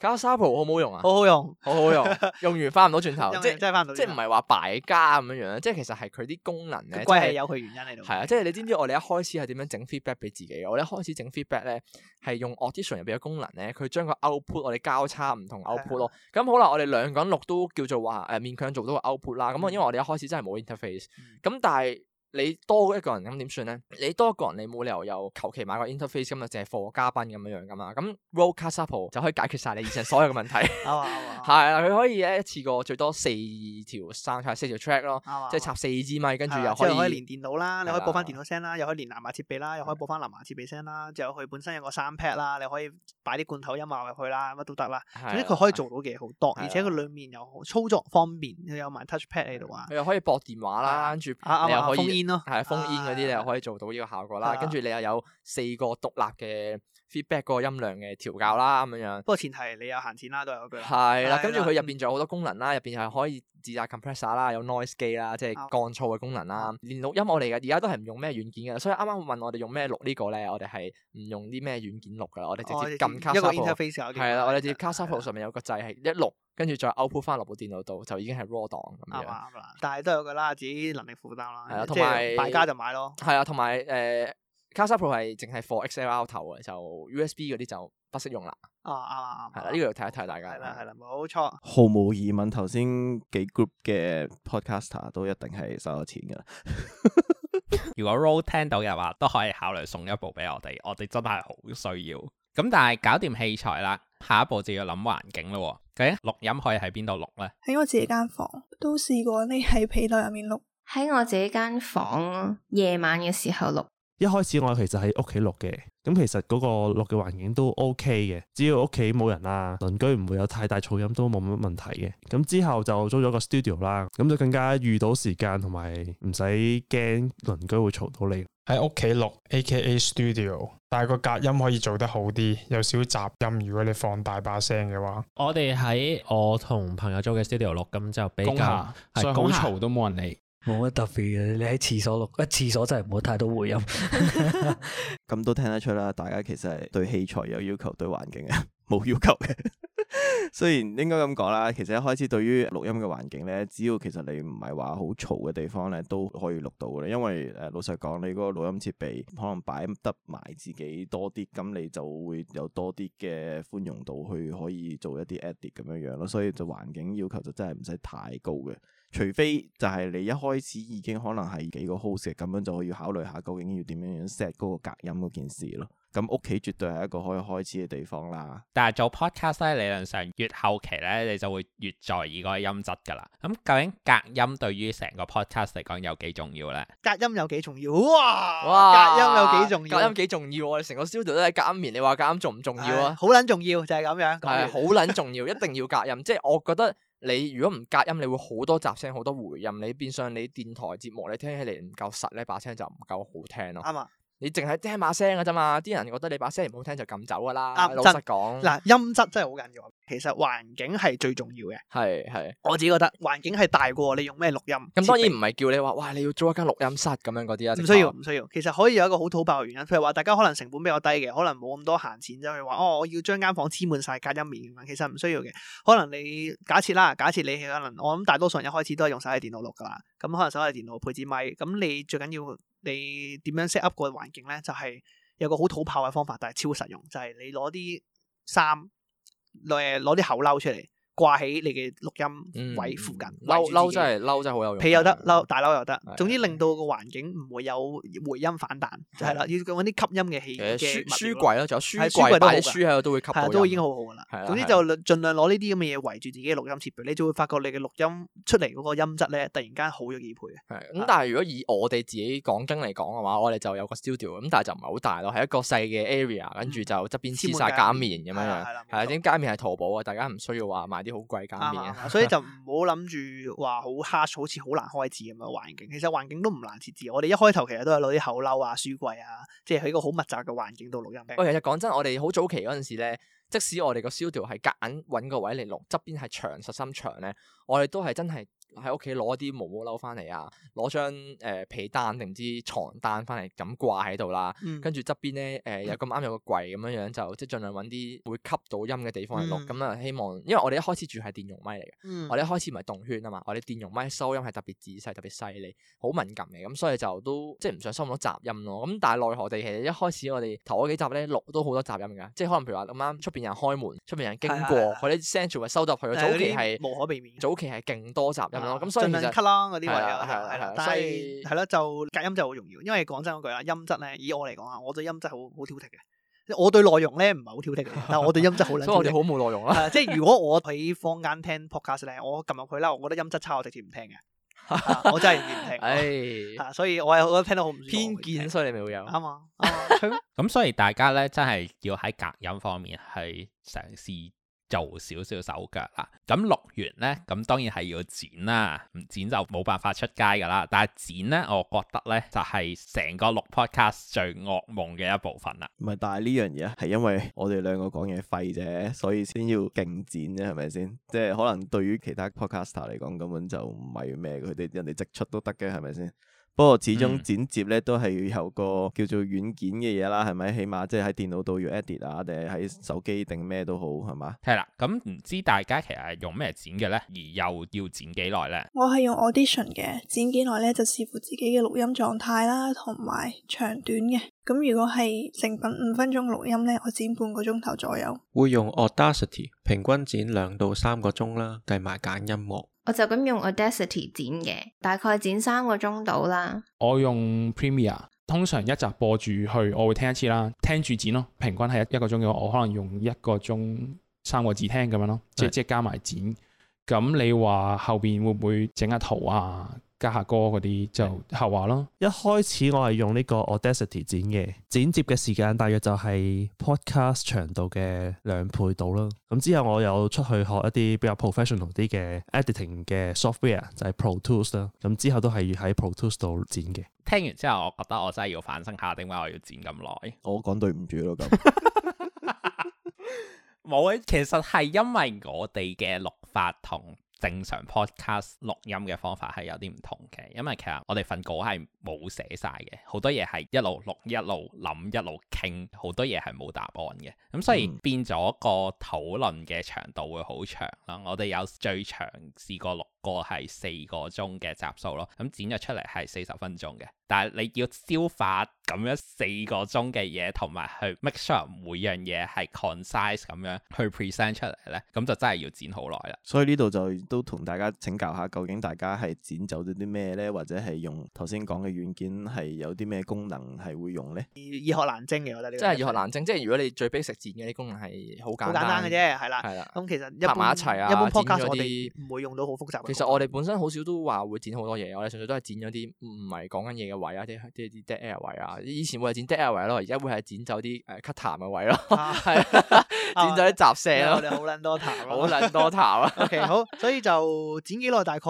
搞沙好 s 好唔好用啊？好好用，好好用，用完翻唔到轉頭， 即係真係翻唔到，即係唔係話敗家咁樣樣，即係其實係佢啲功能咧，貴係有佢原因喺度。係啊，即係你知唔知我哋一開始係點樣整 feedback 俾自己？我哋一開始整 feedback 咧，係用 Audition 入邊嘅功能咧，佢將個 output 我哋交叉唔同 output 咯。咁 好啦，我哋兩個人錄都叫做話誒、呃、勉強做到個 output 啦。咁啊，因為我哋一開始真係冇 interface，咁 但係。你多一個人咁點算咧？你多一個人你冇理由又求其買個 interface 咁就凈係貨嘉賓咁樣樣噶嘛？咁 Rodecaster 就可以解決晒你以前所有嘅問題。啱啊！係啊，佢可以咧一次過最多四條三係四條 track 咯，即係插四支咪跟住又可以。可以連電腦啦，你可以播翻電腦聲啦，又可以連藍牙設備啦，又可以播翻藍牙設備聲啦。就有佢本身有個三 pad 啦，你可以擺啲罐頭音樂入去啦，乜都得啦。總之佢可以做到嘅，好多，而且佢裡面有操作方便，有埋 touchpad 喺度啊。佢又可以駁電話啦，跟住你又可以。煙咯，係啊，封煙嗰啲你又可以做到呢個效果啦。跟住、哎、呀你又有四個獨立嘅。feedback 嗰個音量嘅調教啦，咁樣樣。不過前提你有閒錢啦，都有。嗰句。係啦的，嗯、跟住佢入邊仲有好多功能啦，入邊係可以自帶 compressor 啦，有 noise gate 啦，即係降噪嘅功能啦。哦、連錄音我哋而家都係唔用咩軟件嘅，所以啱啱問我哋用咩錄呢、呢個咧，我哋係唔用啲咩軟件錄㗎，我哋直接撳卡、哦、一個 interface 有。係啦，我哋直接卡薩普上面有個掣係一錄，跟住再 output 翻落部電腦度，就已經係 raw 檔咁樣。啱啦啱啦，但係都有㗎啦，自己能力負擔啦。係啊，同埋大家就買咯。係啊，同埋誒。卡薩 Pro 係淨係 for XLR 頭嘅，就 U S B 嗰啲就不識用啦。哦、啊，啱啱係啦，呢、啊這個要睇一睇大家。係啦、嗯，係啦，冇錯。毫無疑問，頭先幾 group 嘅 podcaster 都一定係收咗錢噶啦。 如果 Roll 聽到嘅話，都可以考慮送一部俾我哋，我哋真係好需要。咁但係搞掂器材啦，下一步就要諗環境啦。究竟錄音可以喺邊度錄咧？喺我自己間房，都試過匿喺被袋入面錄。喺我自己間房，夜晚嘅時候錄。一開始我其實喺屋企錄嘅，咁其實嗰個錄嘅環境都 OK 嘅，只要屋企冇人啊，鄰居唔會有太大噪音都冇乜問題嘅。咁之後就租咗個 studio 啦，咁就更加遇到時間同埋唔使驚鄰居會嘈到你。喺屋企錄 A.K.A studio，但係個隔音可以做得好啲，有少少雜音。如果你放大把聲嘅話，我哋喺我同朋友租嘅 studio 錄，咁就比較係高嘈都冇人理。冇乜特別嘅，你喺廁所錄，誒，廁所真係唔好太多回音，咁 都聽得出啦。大家其實係對器材有要求，對環境冇要求嘅。 雖然應該咁講啦，其實一開始對於錄音嘅環境咧，只要其實你唔係話好嘈嘅地方咧，都可以錄到嘅。因為誒，老實講，你嗰個錄音設備可能擺得埋自己多啲，咁你就會有多啲嘅寬容度去可以做一啲 edit 咁樣樣咯。所以就環境要求就真係唔使太高嘅。除非就係你一開始已經可能係幾個 host，咁樣就可以考慮下究竟要點樣樣 set 嗰個隔音嗰件事咯。咁屋企絕對係一個可以開始嘅地方啦。但係做 podcast 咧，理論上越後期咧，你就會越在意嗰個音質噶啦。咁究竟隔音對於成個 podcast 嚟講有幾重要咧？隔音有幾重要？哇！哇！隔音有幾重要？隔音幾重要？我哋成個 studio 都係隔音棉，你話隔音重唔重要啊？好捻重要，就係咁樣。係好捻重要， 一定要隔音。即係我覺得。你如果唔隔音，你會好多雜聲，好多回音，你變相你電台節目，你聽起嚟唔夠實呢把聲就唔夠好聽咯。啱啊。 你淨係聽把聲㗎啫嘛，啲人覺得你把聲唔好聽就撳走噶啦。啱、啊，老實講。嗱、啊，音質真係好緊要。其實環境係最重要嘅。係係。我自己覺得環境係大過你用咩錄音。咁、嗯、當然唔係叫你話，哇！你要租一間錄音室咁樣嗰啲啊。唔需要，唔需要。其實可以有一個好土爆嘅原因，譬如話大家可能成本比較低嘅，可能冇咁多閒錢就係、是、話，哦，我要將間房黐滿晒隔音棉啊，其實唔需要嘅。可能你假設啦，假設你可能我諗大多數人一開始都係用手提電腦錄噶啦，咁可能手提電腦配支咪？咁你最緊要。你點樣 set up 個環境咧？就係、是、有個好土炮嘅方法，但係超實用，就係、是、你攞啲衫誒，攞啲厚褸出嚟。掛喺你嘅錄音位附近，褸褸真係褸真係好有用，被又得褸大褸又得，總之令到個環境唔會有回音反彈，係啦，要搵啲吸音嘅器嘅物，書書櫃啦，仲有書櫃，擺書喺度都會吸，係啊，都已經好好噶啦。總之就盡量攞呢啲咁嘅嘢圍住自己嘅錄音設備，你就會發覺你嘅錄音出嚟嗰個音質咧，突然間好咗幾倍啊！係咁，但係如果以我哋自己講經嚟講嘅話，我哋就有個 studio，咁但係就唔係好大咯，係一個細嘅 area，跟住就側邊黐晒膠棉咁樣樣，係啊，啲膠棉係淘寶啊，大家唔需要話啲好貴咁所 以就唔好諗住話好 hard，好似好難開始咁樣環境。其實環境都唔難設置，我哋一開頭其實都係攞啲厚褸啊、書櫃啊，即係喺個好密集嘅環境度錄音。喂，其實講真，我哋好早期嗰陣時咧，即使我哋個 studio 係隔硬揾個位嚟錄，側邊係牆實心牆咧，我哋都係真係，喺屋企攞啲毛毛褸翻嚟啊，攞張誒被單定唔知床單翻嚟咁掛喺度啦，跟住側邊咧，誒有咁啱有個櫃咁樣樣，就即係盡量揾啲會吸到音嘅地方去錄，咁啊希望因為我哋一開始住係電容咪嚟嘅，我哋一開始唔係動圈啊嘛，我哋電容咪收音係特別仔細、特別犀利、好敏感嘅，咁所以就都即係唔想收唔到雜音咯。咁但係奈何地其實一開始我哋頭嗰幾集咧錄都好多雜音㗎，即係可能譬如話咁啱出邊人開門、出邊人經過，佢啲聲全部收入去，早期係無可避免，早期係勁多雜音。咁所以 cut 啦，嗰啲位係，但係係咯，就隔音就好容易。因為講真句啦，音質咧，以我嚟講啊，我對音質好好挑剔嘅。即我對內容咧唔係好挑剔，但係我對音質好捻挑剔。我哋好冇內容啊！即係如果我喺坊間聽 Podcast 咧，我撳入去啦，我覺得音質差，我直接唔聽嘅。我真係唔聽。唉，所以我覺得聽到好唔偏見，所以你咪會有啱嘛。咁所以大家咧，真係要喺隔音方面係嘗試。做少少手腳啦，咁錄完呢，咁當然係要剪啦，唔剪就冇辦法出街噶啦。但係剪呢，我覺得呢就係成個錄 Podcast 最惡夢嘅一部分啦。唔係，但係呢樣嘢係因為我哋兩個講嘢廢啫，所以先要勁剪啫，係咪先？即係可能對於其他 Podcaster 嚟講根本就唔係咩，佢哋人哋直出都得嘅，係咪先？不過始終剪接咧都係要有個叫做軟件嘅嘢啦，係咪？起碼即係喺電腦度要 edit 啊，定係喺手機定咩都好，係嘛？係啦。咁、嗯、唔知大家其實係用咩剪嘅咧？而又要剪幾耐咧？我係用 Audition 嘅，剪幾耐咧就視乎自己嘅錄音狀態啦，同埋長短嘅。咁如果係成品五分鐘錄音咧，我剪半個鐘頭左右。會用 Audacity，平均剪兩到三個鐘啦，計埋揀音樂。我就咁用 Audacity 剪嘅，大概剪三個鐘度啦。我用 Premiere，通常一集播住去，我會聽一次啦，聽住剪咯。平均係一一個鐘嘅，我可能用一個鐘三個字聽咁樣咯，的即係即係加埋剪。咁你話後邊會唔會整一圖啊？加下歌嗰啲就後話咯。一開始我係用呢個 Audacity 剪嘅，剪接嘅時間大約就係 podcast 長度嘅兩倍度啦。咁之後我有出去學一啲比較 professional 啲嘅 editing 嘅 software，就係 Pro Tools 啦。咁之後都係要喺 Pro Tools 度剪嘅。聽完之後，我覺得我真係要反省下，點解我要剪咁耐？我講對唔住咯咁。冇，其實係因為我哋嘅錄法同。正常 podcast 錄音嘅方法係有啲唔同嘅，因為其實我哋份稿係冇寫晒嘅，好多嘢係一路錄一路諗一路傾，好多嘢係冇答案嘅，咁所以變咗個討論嘅長度會好長啦。我哋有最長試過錄。個係四個鐘嘅集數咯，咁剪咗出嚟係四十分鐘嘅，但係你要消化咁樣四個鐘嘅嘢，同埋去 make sure 每樣嘢係 concise 咁樣去 present 出嚟咧，咁就真係要剪好耐啦。所以呢度就都同大家請教下，究竟大家係剪走咗啲咩咧，或者係用頭先講嘅軟件係有啲咩功能係會用咧？易學難精嘅，我覺得呢個真係易學難精。是即係如果你最 basic 剪嘅啲功能係好簡單嘅啫，係啦，係啦。咁的其實一揼埋一齊啊，一般剪咗啲我哋唔會用到好複雜。 其實我哋本身好少都話會剪好多嘢，我哋純粹都係剪咗啲唔係講緊嘢嘅位啊，啲即係啲 dead air 位啊，以前會係剪 dead air 位咯，而家會係剪走啲誒咳痰嘅位咯，係剪咗啲雜聲咯，好撚多痰咯，好撚多痰咯。OK，好，所以就剪幾耐大概，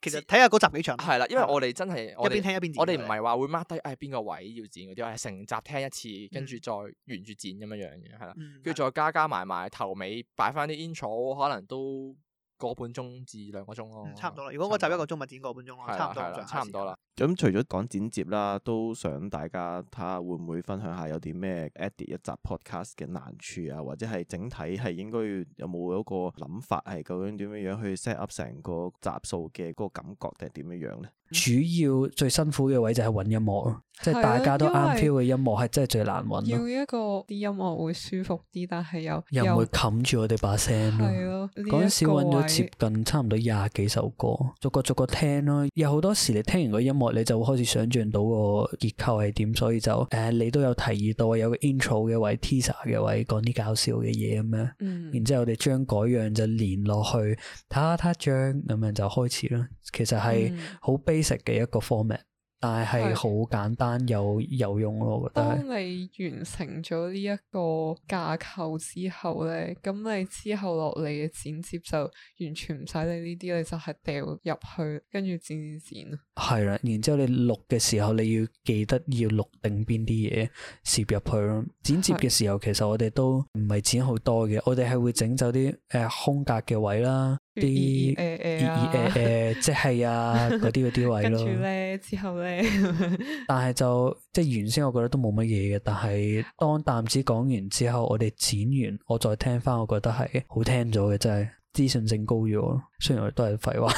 其實睇下嗰集幾長。係啦，因為我哋真係一邊聽一邊剪，我哋唔係話會 mark 低誒邊個位要剪嗰啲，我係成集聽一次，跟住再沿住剪咁樣樣嘅，係啦，跟住再加加埋埋頭尾擺翻啲 intro，可能都。個半鐘至兩個鐘咯，差唔多咯。如果我集一個鐘咪剪個半鐘咯，啊，差唔多啦。差唔多啦。咁、嗯、除咗講剪接啦，都想大家睇下會唔會分享下有啲咩 edit 一集 podcast 嘅難處啊，或者係整體係應該要有冇一個諗法係究竟點樣樣去 set up 成個集數嘅嗰個感覺定係點樣樣咧？主要最辛苦嘅位就係揾音樂咯，即係大家都啱 feel 嘅音樂係真係最難揾咯。要一個啲音樂會舒服啲，但係又又唔會冚住我哋把聲咯。嗰陣時揾咗接近差唔多廿幾首歌，逐個逐個聽咯。有好多時你聽完個音樂，你就會開始想象到個結構係點，所以就誒，你都有提議到有個 intro 嘅位，teaser 嘅位，講啲搞笑嘅嘢咁樣。嗯。然之後我哋將改樣就連落去，唞下唞張咁樣就開始啦。其實係好 basic 嘅一個 format，嗯、但係係好簡單又有用咯。我覺得。當你完成咗呢一個架構之後咧，咁、嗯、你之後落嚟嘅剪接就完全唔使理呢啲，你就係掉入去，跟住剪剪剪。係啦，然之後你錄嘅時候，你要記得要錄定邊啲嘢攝入去咯。剪接嘅時候，的其實我哋都唔係剪好多嘅，我哋係會整走啲誒、呃、空格嘅位啦。啲誒誒即係啊嗰啲啲位咯。咧 之後咧笑笑， 但係就即係原先我覺得都冇乜嘢嘅，但係當啖子講完之後，我哋剪完，我再聽返，我覺得係好聽咗嘅，真係資訊性高咗咯。雖然我哋都係廢話，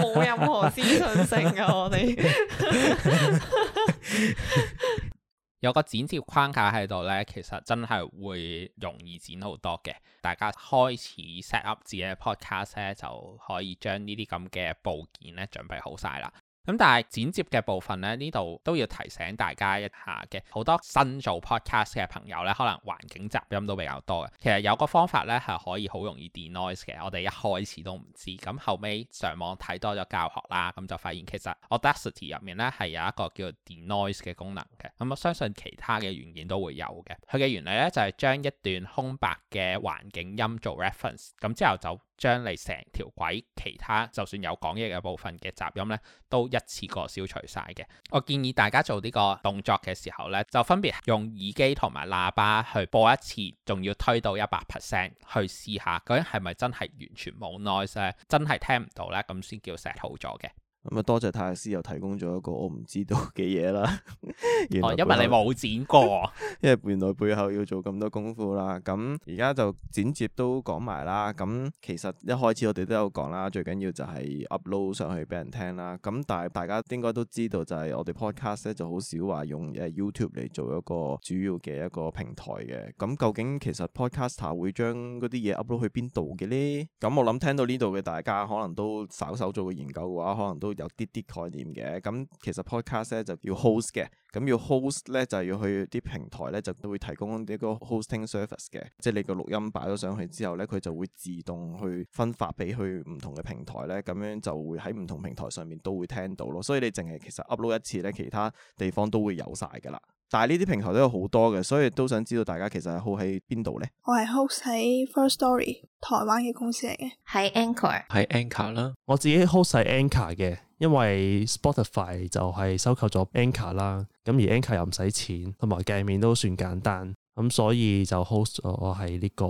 冇 任何資訊性噶，我哋。 有個剪接框架喺度咧，其實真係會容易剪好多嘅。大家開始 set up 自己嘅 podcast 咧，就可以將呢啲咁嘅部件咧準備好晒啦。咁但係剪接嘅部分咧，呢度都要提醒大家一下嘅。好多新做 podcast 嘅朋友咧，可能環境雜音都比較多嘅。其實有個方法咧係可以好容易 denoise 嘅。我哋一開始都唔知，咁後尾上網睇多咗教學啦，咁就發現其實 Audacity 入面咧係有一個叫做 denoise 嘅功能嘅。咁我相信其他嘅軟件都會有嘅。佢嘅原理咧就係將一段空白嘅環境音做 reference，咁之後就，將你成條軌，其他就算有講嘢嘅部分嘅雜音呢，都一次過消除晒嘅。我建議大家做呢個動作嘅時候呢，就分別用耳機同埋喇叭去播一次，仲要推到一百 percent 去試下，究竟係咪真係完全冇 noise？真係聽唔到呢？咁先叫 set 好咗嘅。咁啊，多謝泰師又提供咗一個我唔知道嘅嘢啦。哦，因為你冇剪過，因為原來背後要做咁多功夫啦。咁而家就剪接都講埋啦。 咁其實一開始我哋都有講啦，最緊要就係 upload 上去俾人聽啦。 咁但係大家應該都知道，就係我哋 podcast 咧就好少話用誒 YouTube 嚟做一個主要嘅一個平台嘅。咁究竟其實 podcaster 會將啲嘢 upload 去邊度嘅咧？咁、 嗯、我諗聽到呢度嘅大家可能都稍稍做個研究嘅話可能都～有啲啲概念嘅，咁其實 podcast 咧就要 host 嘅，咁要 host 咧就係要去啲平台咧，就都會提供一個 hosting service 嘅，即係你個錄音擺咗上去之後咧，佢就會自動去分發俾去唔同嘅平台咧，咁樣就會喺唔同平台上面都會聽到咯，所以你淨係其實 upload 一次咧，其他地方都會有晒噶啦。但係呢啲平台都有好多嘅，所以都想知道大家其實係好喺邊度咧？我係好喺 First Story 台灣嘅公司嚟嘅，喺 Anchor，喺 Anchor 啦。我自己好喺 Anchor 嘅，因為 Spotify 就係收購咗 Anchor 啦。咁而 Anchor 又唔使錢，同埋界面都算簡單。咁、嗯、所以就 host 咗我喺呢個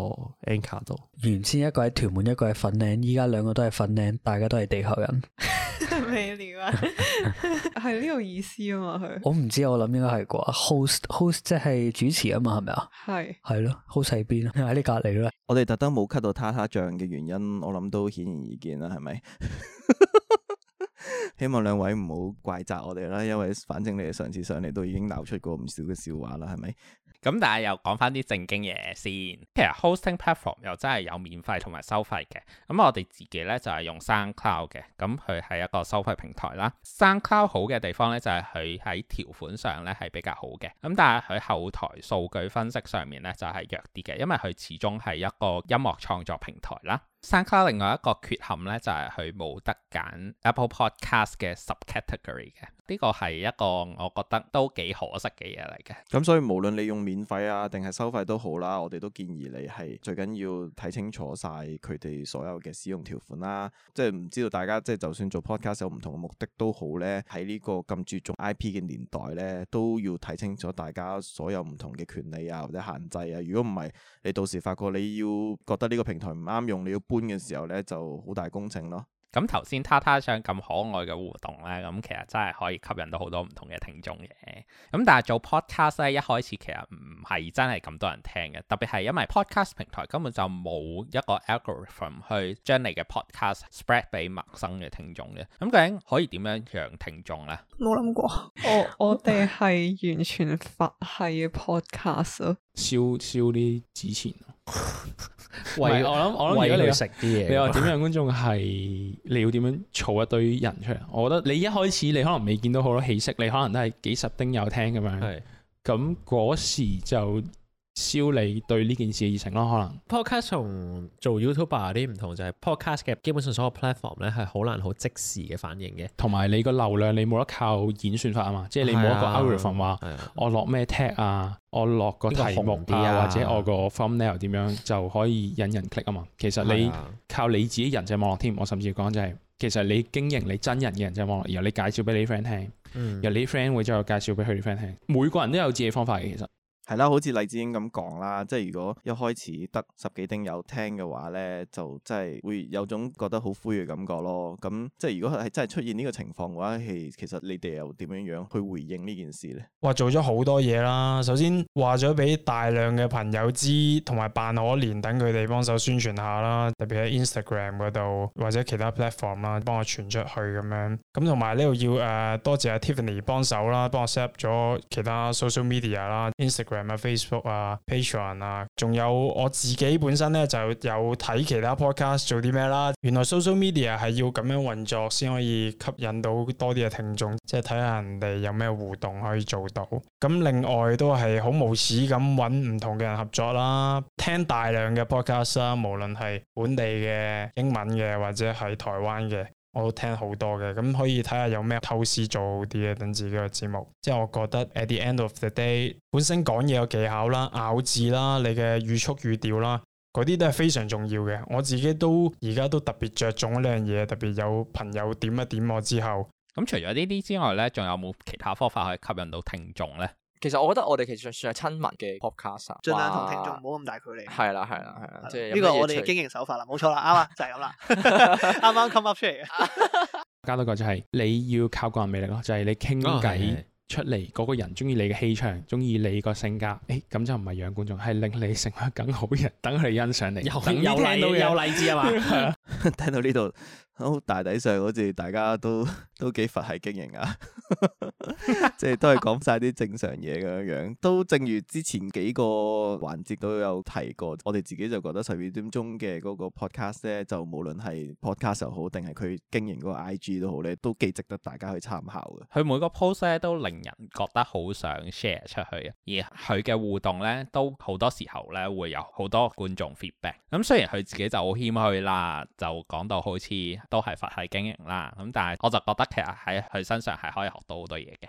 anchor 度。原先一個喺屯門，一個喺粉嶺，依家兩個都係粉嶺，大家都係地球人。係咪呢位？係呢個意思啊嘛？佢我唔知，我諗應該係啩。host host 即係主持啊嘛，係咪啊？係係咯，host 喺邊喺你隔籬啦。我哋特登冇 cut 到他她醬嘅原因，我諗都顯而易見啦，係咪？希望兩位唔好怪責我哋啦，因為反正你哋上次上嚟都已經鬧出過唔少嘅笑話啦，係咪？咁但係又講翻啲正經嘢先。其實 hosting platform 又真係有免費同埋收費嘅。咁我哋自己咧就係用 SoundCloud 嘅，咁佢係一個收費平台啦。SoundCloud 好嘅地方咧就係佢喺條款上咧係比較好嘅。咁但係佢後台數據分析上面咧就係弱啲嘅，因為佢始終係一個音樂創作平台啦。SoundCloud 另外一個缺陷咧就係佢冇得揀 Apple Podcast 嘅 subcategory 嘅。呢個係一個我覺得都幾可惜嘅嘢嚟嘅。咁所以無論你用免費啊，定係收費都好啦，我哋都建議你係最緊要睇清楚晒佢哋所有嘅使用條款啦。即係唔知道大家即係就算做 Podcast 有唔同嘅目的都好咧，喺呢個咁注重 IP 嘅年代咧，都要睇清楚大家所有唔同嘅權利啊或者限制啊。如果唔係，你到時發覺你要覺得呢個平台唔啱用，你要搬嘅時候咧，就好大工程咯。咁頭先他她醬咁可愛嘅互動呢，咁其實真係可以吸引到好多唔同嘅聽眾嘅。咁但係做 podcast 咧，一開始其實唔係真係咁多人聽嘅，特別係因為 podcast 平台根本就冇一個 algorithm 去將你嘅 podcast spread 俾陌生嘅聽眾嘅。咁究竟可以點樣讓聽眾呢？冇諗過，我 我哋係完全佛系 podcast 咯，燒燒啲紙錢。 喂，我諗我諗如果你食啲嘢，你話點樣觀眾係？ 你要點樣儲一堆人出嚟？我覺得你一開始你可能未見到好多氣息，你可能都係幾十丁有聽咁樣。係是，咁嗰時就。燒你對呢件事嘅熱情咯，可能 podcast 做同做 YouTuber 啲唔同就係、是、podcast 嘅基本上所有 platform 咧係好難好即時嘅反應嘅，同埋你個流量你冇得靠演算法啊嘛，即係你冇一個 algorithm 話、啊啊、我落咩 tag 啊，我落個題目啊或者我個 thumbnail 點樣、啊、就可以引人 click 啊嘛，其實你靠你自己人際網絡添，我甚至講就係、是、其實你經營你真人嘅人際網絡，然後你介紹俾你啲 friend 聽，嗯、然後你啲 friend 會再介紹俾佢哋 friend 聽，每個人都有自己方法嘅其實。係啦，好似黎智英咁講啦，即係如果一開始得十幾丁有聽嘅話咧，就真係會有種覺得好灰嘅感覺咯。咁即係如果係真係出現呢個情況嘅話，係其實你哋又點樣樣去回應呢件事咧？哇，做咗好多嘢啦。首先話咗俾大量嘅朋友知，同埋扮可憐等佢哋幫手宣傳下啦，特別喺 Instagram 嗰度或者其他 platform 啦，幫我傳出去咁樣。咁同埋呢度要誒、呃、多謝阿、啊、Tiffany 幫手啦，幫我 set 咗其他 social media 啦，Instagram。Facebook Patreon，啊、Patreon 啊，仲有我自己本身咧就有睇其他 podcast 做啲咩啦。原來 social media 係要咁樣運作先可以吸引到多啲嘅聽眾，即係睇下人哋有咩互動可以做到。咁另外都係好無恥咁揾唔同嘅人合作啦，聽大量嘅 podcast 啦，無論係本地嘅、英文嘅或者係台灣嘅。我都聽好多嘅，咁可以睇下有咩偷師做好啲嘅，等自己個節目。即係我覺得 at the end of the day，本身講嘢有技巧啦、咬字啦、你嘅語速語調啦，嗰啲都係非常重要嘅。我自己都而家都特別着重呢樣嘢，特別有朋友點一點我之後。咁除咗呢啲之外呢，仲有冇其他方法可以吸引到聽眾呢？其實我覺得我哋其實算係親密嘅 Podcast，盡量同聽眾唔好咁大距離。係啦係啦係啦，即係呢個我哋嘅經營手法啦，冇錯啦，啱啦， 就係咁啦。啱啱 come up 出嚟。 加多個就係、是、你要靠個人魅力咯，就係、是、你傾偈、哦、出嚟嗰個人中意你嘅氣場，中意你個性格，誒、欸、咁就唔係養觀眾，係令你成為更好人，等佢哋欣賞你，有有難到有勵志係嘛。 聽到呢度，大抵上，好似大家都都幾佛系經營啊，即係都係講晒啲正常嘢咁樣。都正如之前幾個環節都有提過，我哋自己就覺得十二點鐘嘅嗰個 podcast 咧，就無論係 podcast 又好，定係佢經營嗰個 IG 都好咧，都幾值得大家去參考嘅。佢每個 post 咧都令人覺得好想 share 出去啊，而佢嘅互動咧都好多時候咧會有好多觀眾 feedback。咁雖然佢自己就好謙虛啦。就講到好似都係佛系經營啦，咁但係我就覺得其實喺佢身上係可以學到好多嘢嘅。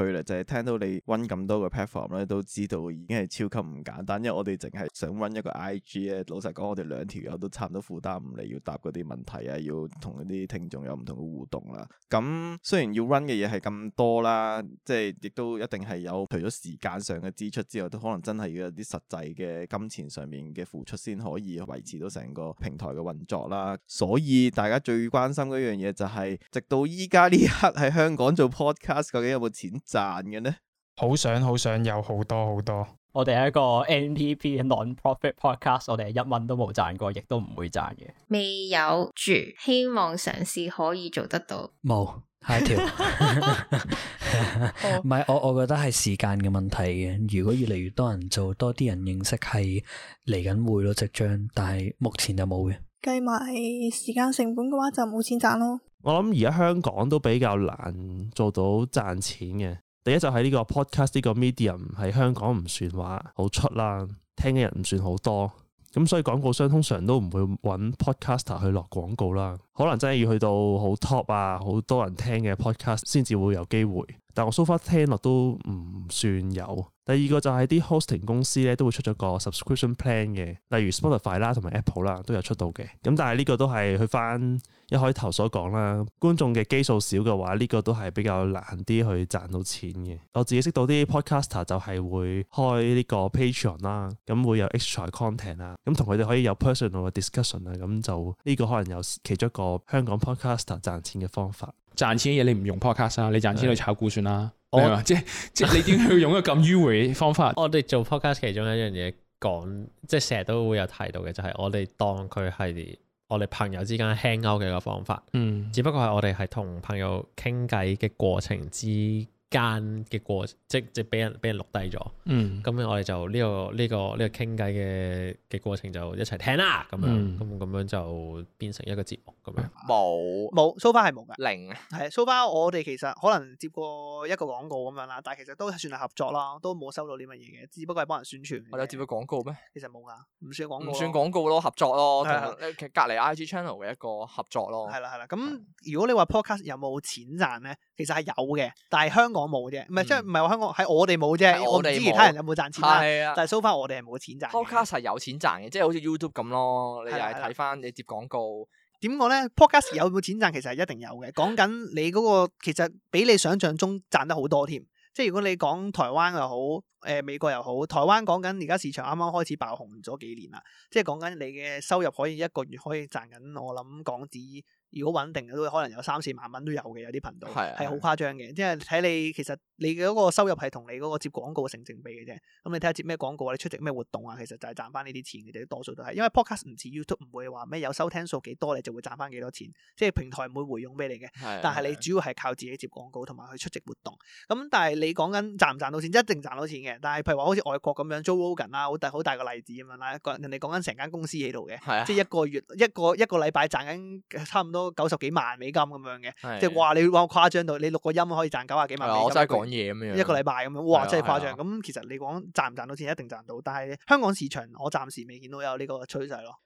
就係聽到你 run 咁多個 platform 咧，都知道已經係超級唔簡單。因為我哋淨係想 run 一個 IG 咧，老實講，我哋兩條友都差唔多負擔唔嚟，要答嗰啲問題啊，要同啲聽眾有唔同嘅互動啦。咁雖然要 run 嘅嘢係咁多啦，即係亦都一定係有除咗時間上嘅支出之外，都可能真係要有啲實際嘅金錢上面嘅付出先可以維持到成個平台嘅運作啦。所以大家最關心嗰樣嘢就係，直到依家呢刻喺香港做 podcast 究竟有冇錢？賺嘅呢？好想好想有好多好多。多我哋係一個 NPP non-profit podcast，我哋係一蚊都冇賺過，亦都唔會賺嘅。未有住，希望嘗試可以做得到。冇下一條。唔係我，我覺得係時間嘅問題嘅。如果越嚟越多人做，多啲人認識，係嚟緊會咯，即將。但係目前就冇嘅。計埋時間成本嘅話，就冇錢賺咯。我諗而家香港都比較難做到賺錢嘅。第一就係呢個 Podcast 呢個 medium 喺香港唔算話好出啦，聽嘅人唔算好多。咁所以廣告商通常都唔會揾 podcaster 去落廣告啦，可能真係要去到好 top 啊，好多人聽嘅 podcast 先至會有機會。但我 so far 聽落都唔算有。第二個就係啲 hosting 公司咧，都會出咗個 subscription plan 嘅，例如 Spotify 啦同埋 Apple 啦都有出到嘅。咁但係呢個都係去返。一開頭所講啦，觀眾嘅基數少嘅話，呢個都係比較難啲去賺到錢嘅。我自己識到啲 podcaster 就係會開呢個 Patreon 啦，咁會有 extra content 啊，咁同佢哋可以有 personal 嘅 discussion 啊，咁就呢個可能有其中一個香港 podcaster 賺錢嘅方法。賺錢嘅嘢你唔用 podcast 啊，你賺錢去炒股算啦。係啊，即係即係你點解要用一個咁迂迴嘅方法？ 我哋做 podcast 其中一樣嘢講，即係成日都會有提到嘅，就係我哋當佢係。我哋朋友之間 hang out 嘅一個方法，嗯，只不過係我哋係同朋友傾偈嘅過程之間嘅過，即即俾人俾人錄低咗。嗯，咁樣我哋就呢個呢個呢個傾偈嘅嘅過程就一齊聽啦。咁樣、嗯，咁咁樣就變成一個節目咁樣。冇冇，so far 係冇噶。零。係 so far，我哋其實可能接過一個廣告咁樣啦，但係其實都算係合作咯，都冇收到啲乜嘢嘅，只不過係幫人宣傳。我有接過廣告咩？其實冇噶，唔算廣告，唔算廣告咯，合作咯，其實隔籬 IG Channel 嘅一個合作咯。係啦係啦，咁如果你話 Podcast 有冇錢賺咧？其實係有嘅，但係香港。我冇啫，唔係即係唔係話香港係我哋冇啫，我唔知其他人有冇賺錢啦、啊。的但係、so far 我哋係冇錢賺。Podcast 係有錢賺嘅，即係好似 YouTube 咁咯。的你又係睇翻你接廣告點講咧？Podcast 有冇錢賺其實係一定有嘅。講緊 你嗰個其實比你想像中賺得好多添。即係如果你講台灣又好，誒、呃、美國又好，台灣講緊而家市場啱啱開始爆紅咗幾年啦。即係講緊你嘅收入可以一個月可以賺緊，我諗港紙。如果穩定嘅都可能有三四萬蚊都有嘅，有啲頻道係好的誇張嘅，的即係睇你其實你嗰個收入係同你嗰個接廣告成正比嘅啫。咁、嗯、你睇下接咩廣告你出席咩活動啊，其實就係賺翻呢啲錢嘅啫，多數都係。因為 podcast 唔似 YouTube，唔會話咩有收聽數幾多你就會賺翻幾多錢，即係平台唔會回饋俾你嘅。的但係你主要係靠自己接廣告同埋去出席活動。咁的、嗯、但係你講緊賺唔賺到錢，一定賺到錢嘅。但係譬如話好似外國咁樣 j o g a nJoe Rogan 啦，好大好大個例子咁樣啦，人哋講緊成間公司喺度嘅，的的即係一個月一個一個,一個禮拜賺緊差唔多。九十幾萬美金咁樣嘅，的即係哇！你話我誇張到，你錄個音可以賺九十幾萬美金，我真係齋講嘢咁樣，一個禮拜咁樣，哇！的真係誇張。咁其實你講賺唔賺到錢，一定賺到。但係香港市場，我暫時未見到有呢個趨勢咯。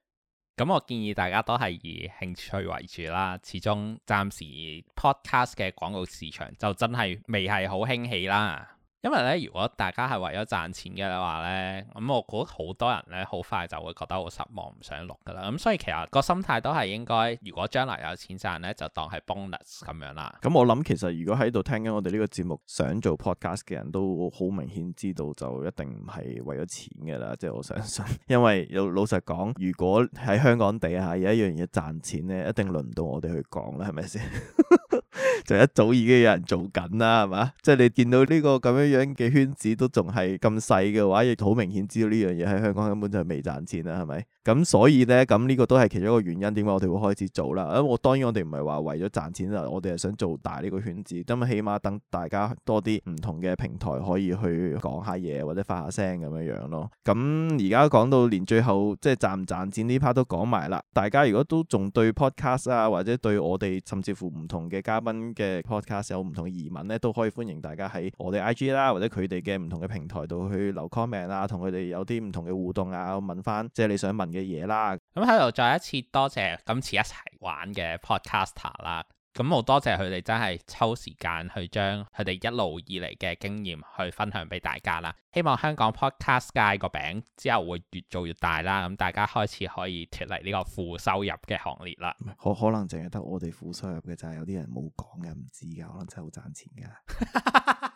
咁我建議大家都係以興趣為主啦。始終暫時 Podcast 嘅廣告市場就真係未係好興起啦。因為咧，如果大家係為咗賺錢嘅話咧，咁、嗯、我估好多人咧，好快就會覺得好失望，唔想錄㗎啦。咁、嗯、所以其實個心態都係應該，如果將來有錢賺咧，就當係 bonus 咁樣啦。咁、嗯、我諗其實如果喺度聽緊我哋呢個節目，想做 podcast 嘅人都好明顯知道，就一定唔係為咗錢㗎啦。即係我相信，因為老老實講，如果喺香港地下有一樣嘢賺錢咧，一定輪到我哋去講啦，係咪先？ 就一早已經有人做緊啦，係嘛？即係你見到呢個咁樣樣嘅圈子都仲係咁細嘅話，亦好明顯知道呢樣嘢喺香港根本就係未賺錢啦，係咪？咁所以咧，咁呢個都係其中一個原因，點解我哋會開始做啦，咁我當然我哋唔係話為咗賺錢啦，我哋係想做大呢個圈子，咁、嗯、起碼等大家多啲唔同嘅平台可以去講下嘢或者發下聲咁樣樣咯。咁而家講到連最後即係賺唔賺錢呢 part 都講埋啦，大家如果都仲對 podcast 啊或者對我哋甚至乎唔同嘅嘉賓嘅 podcast 有唔同嘅疑問咧，都可以歡迎大家喺我哋 IG 啦或者佢哋嘅唔同嘅平台度去留 comment 啊，同佢哋有啲唔同嘅互動啊，問翻即係你想問嘅嘢啦，咁喺度再一次多謝今次一齊玩嘅 Podcaster 啦，咁好多謝佢哋真係抽時間去將佢哋一路以嚟嘅經驗去分享俾大家啦，希望香港 Podcast 界個餅之後會越做越大啦，咁大家開始可以脫離呢個負收入嘅行列啦，可可能淨係得我哋負收入嘅就係、是、有啲人冇講嘅，唔知噶，可能真係好賺錢噶。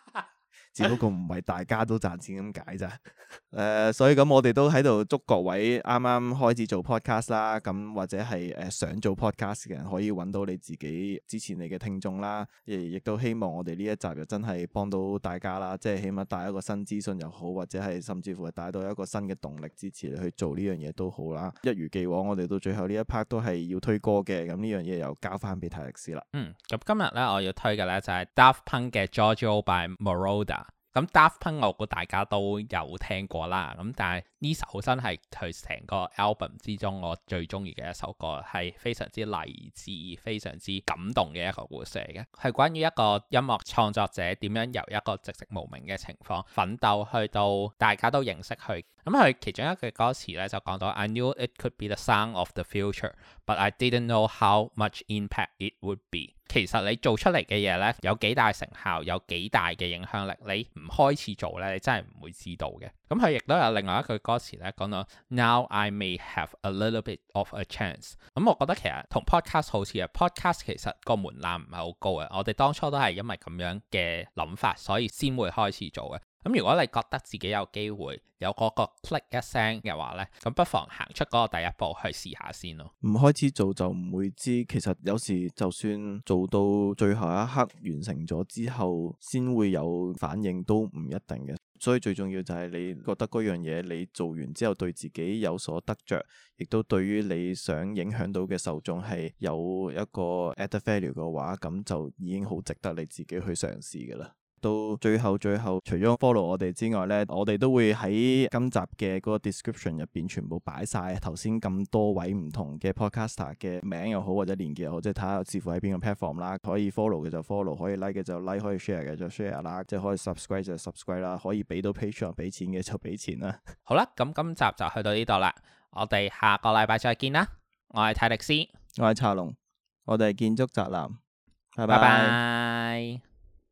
只不過唔係大家都賺錢咁解咋，誒、uh，所以咁我哋都喺度祝各位啱啱開始做 podcast 啦，咁或者係誒、呃、想做 podcast 嘅人可以揾到你自己支持你嘅聽眾啦，亦亦都希望我哋呢一集就真係幫到大家啦，即係起碼帶一個新資訊又好，或者係甚至乎係帶到一個新嘅動力支持去做呢樣嘢都好啦。一如既往，我哋到最後呢一 part 都係要推歌嘅，咁呢樣嘢又交翻俾泰力斯啦。嗯，咁今日咧我要推嘅咧就係、是、Daft Punk 嘅 Giorgio by Moroder。咁 Daft Punk 我估大家都有聽過啦，咁但係呢首真係佢成個 album 之中我最中意嘅一首歌，係非常之勵志、非常之感動嘅一個故事嚟嘅，係關於一個音樂創作者點樣由一個籍籍無名嘅情況奮鬥去到大家都認識佢。咁佢其中一句歌詞呢，就講到：I knew it could be the sound of the future，but I didn't know how much impact it would be。其實你做出嚟嘅嘢咧，有幾大成效，有幾大嘅影響力，你唔開始做咧，你真係唔會知道嘅。咁佢亦都有另外一句歌詞咧，講到 Now I may have a little bit of a chance。咁我覺得其實同 Podcast 好似啊，Podcast 其實個門檻唔係好高嘅。我哋當初都係因為咁樣嘅諗法，所以先會開始做嘅。咁如果你覺得自己有機會有嗰個，個 click 一聲嘅話呢，咁不妨行出嗰個第一步去試下先咯。唔開始做就唔會知，其實有時就算做到最後一刻完成咗之後，先會有反應都唔一定嘅。所以最重要就係你覺得嗰樣嘢你做完之後對自己有所得着，亦都對於你想影響到嘅受眾係有一個 add value 嘅話，咁就已經好值得你自己去嘗試㗎喇。到最後最後，除咗 follow 我哋之外咧，我哋都會喺今集嘅嗰個 description 入邊全部擺晒。頭先咁多位唔同嘅 podcaster 嘅名又好或者連結又好，即係睇下似乎喺邊個 platform 啦，可以 follow 嘅就 follow，可以 like 嘅就 like，可以 share 嘅就 share 啦，即係可以 subscribe 就係 subscribe 啦，可以俾到 Patreon 俾錢嘅就俾錢啦。好啦，咁今集就去到呢度啦，我哋下個禮拜再見啦。我係泰迪斯，我係查龍，我哋係建築宅男，拜拜。Bye bye.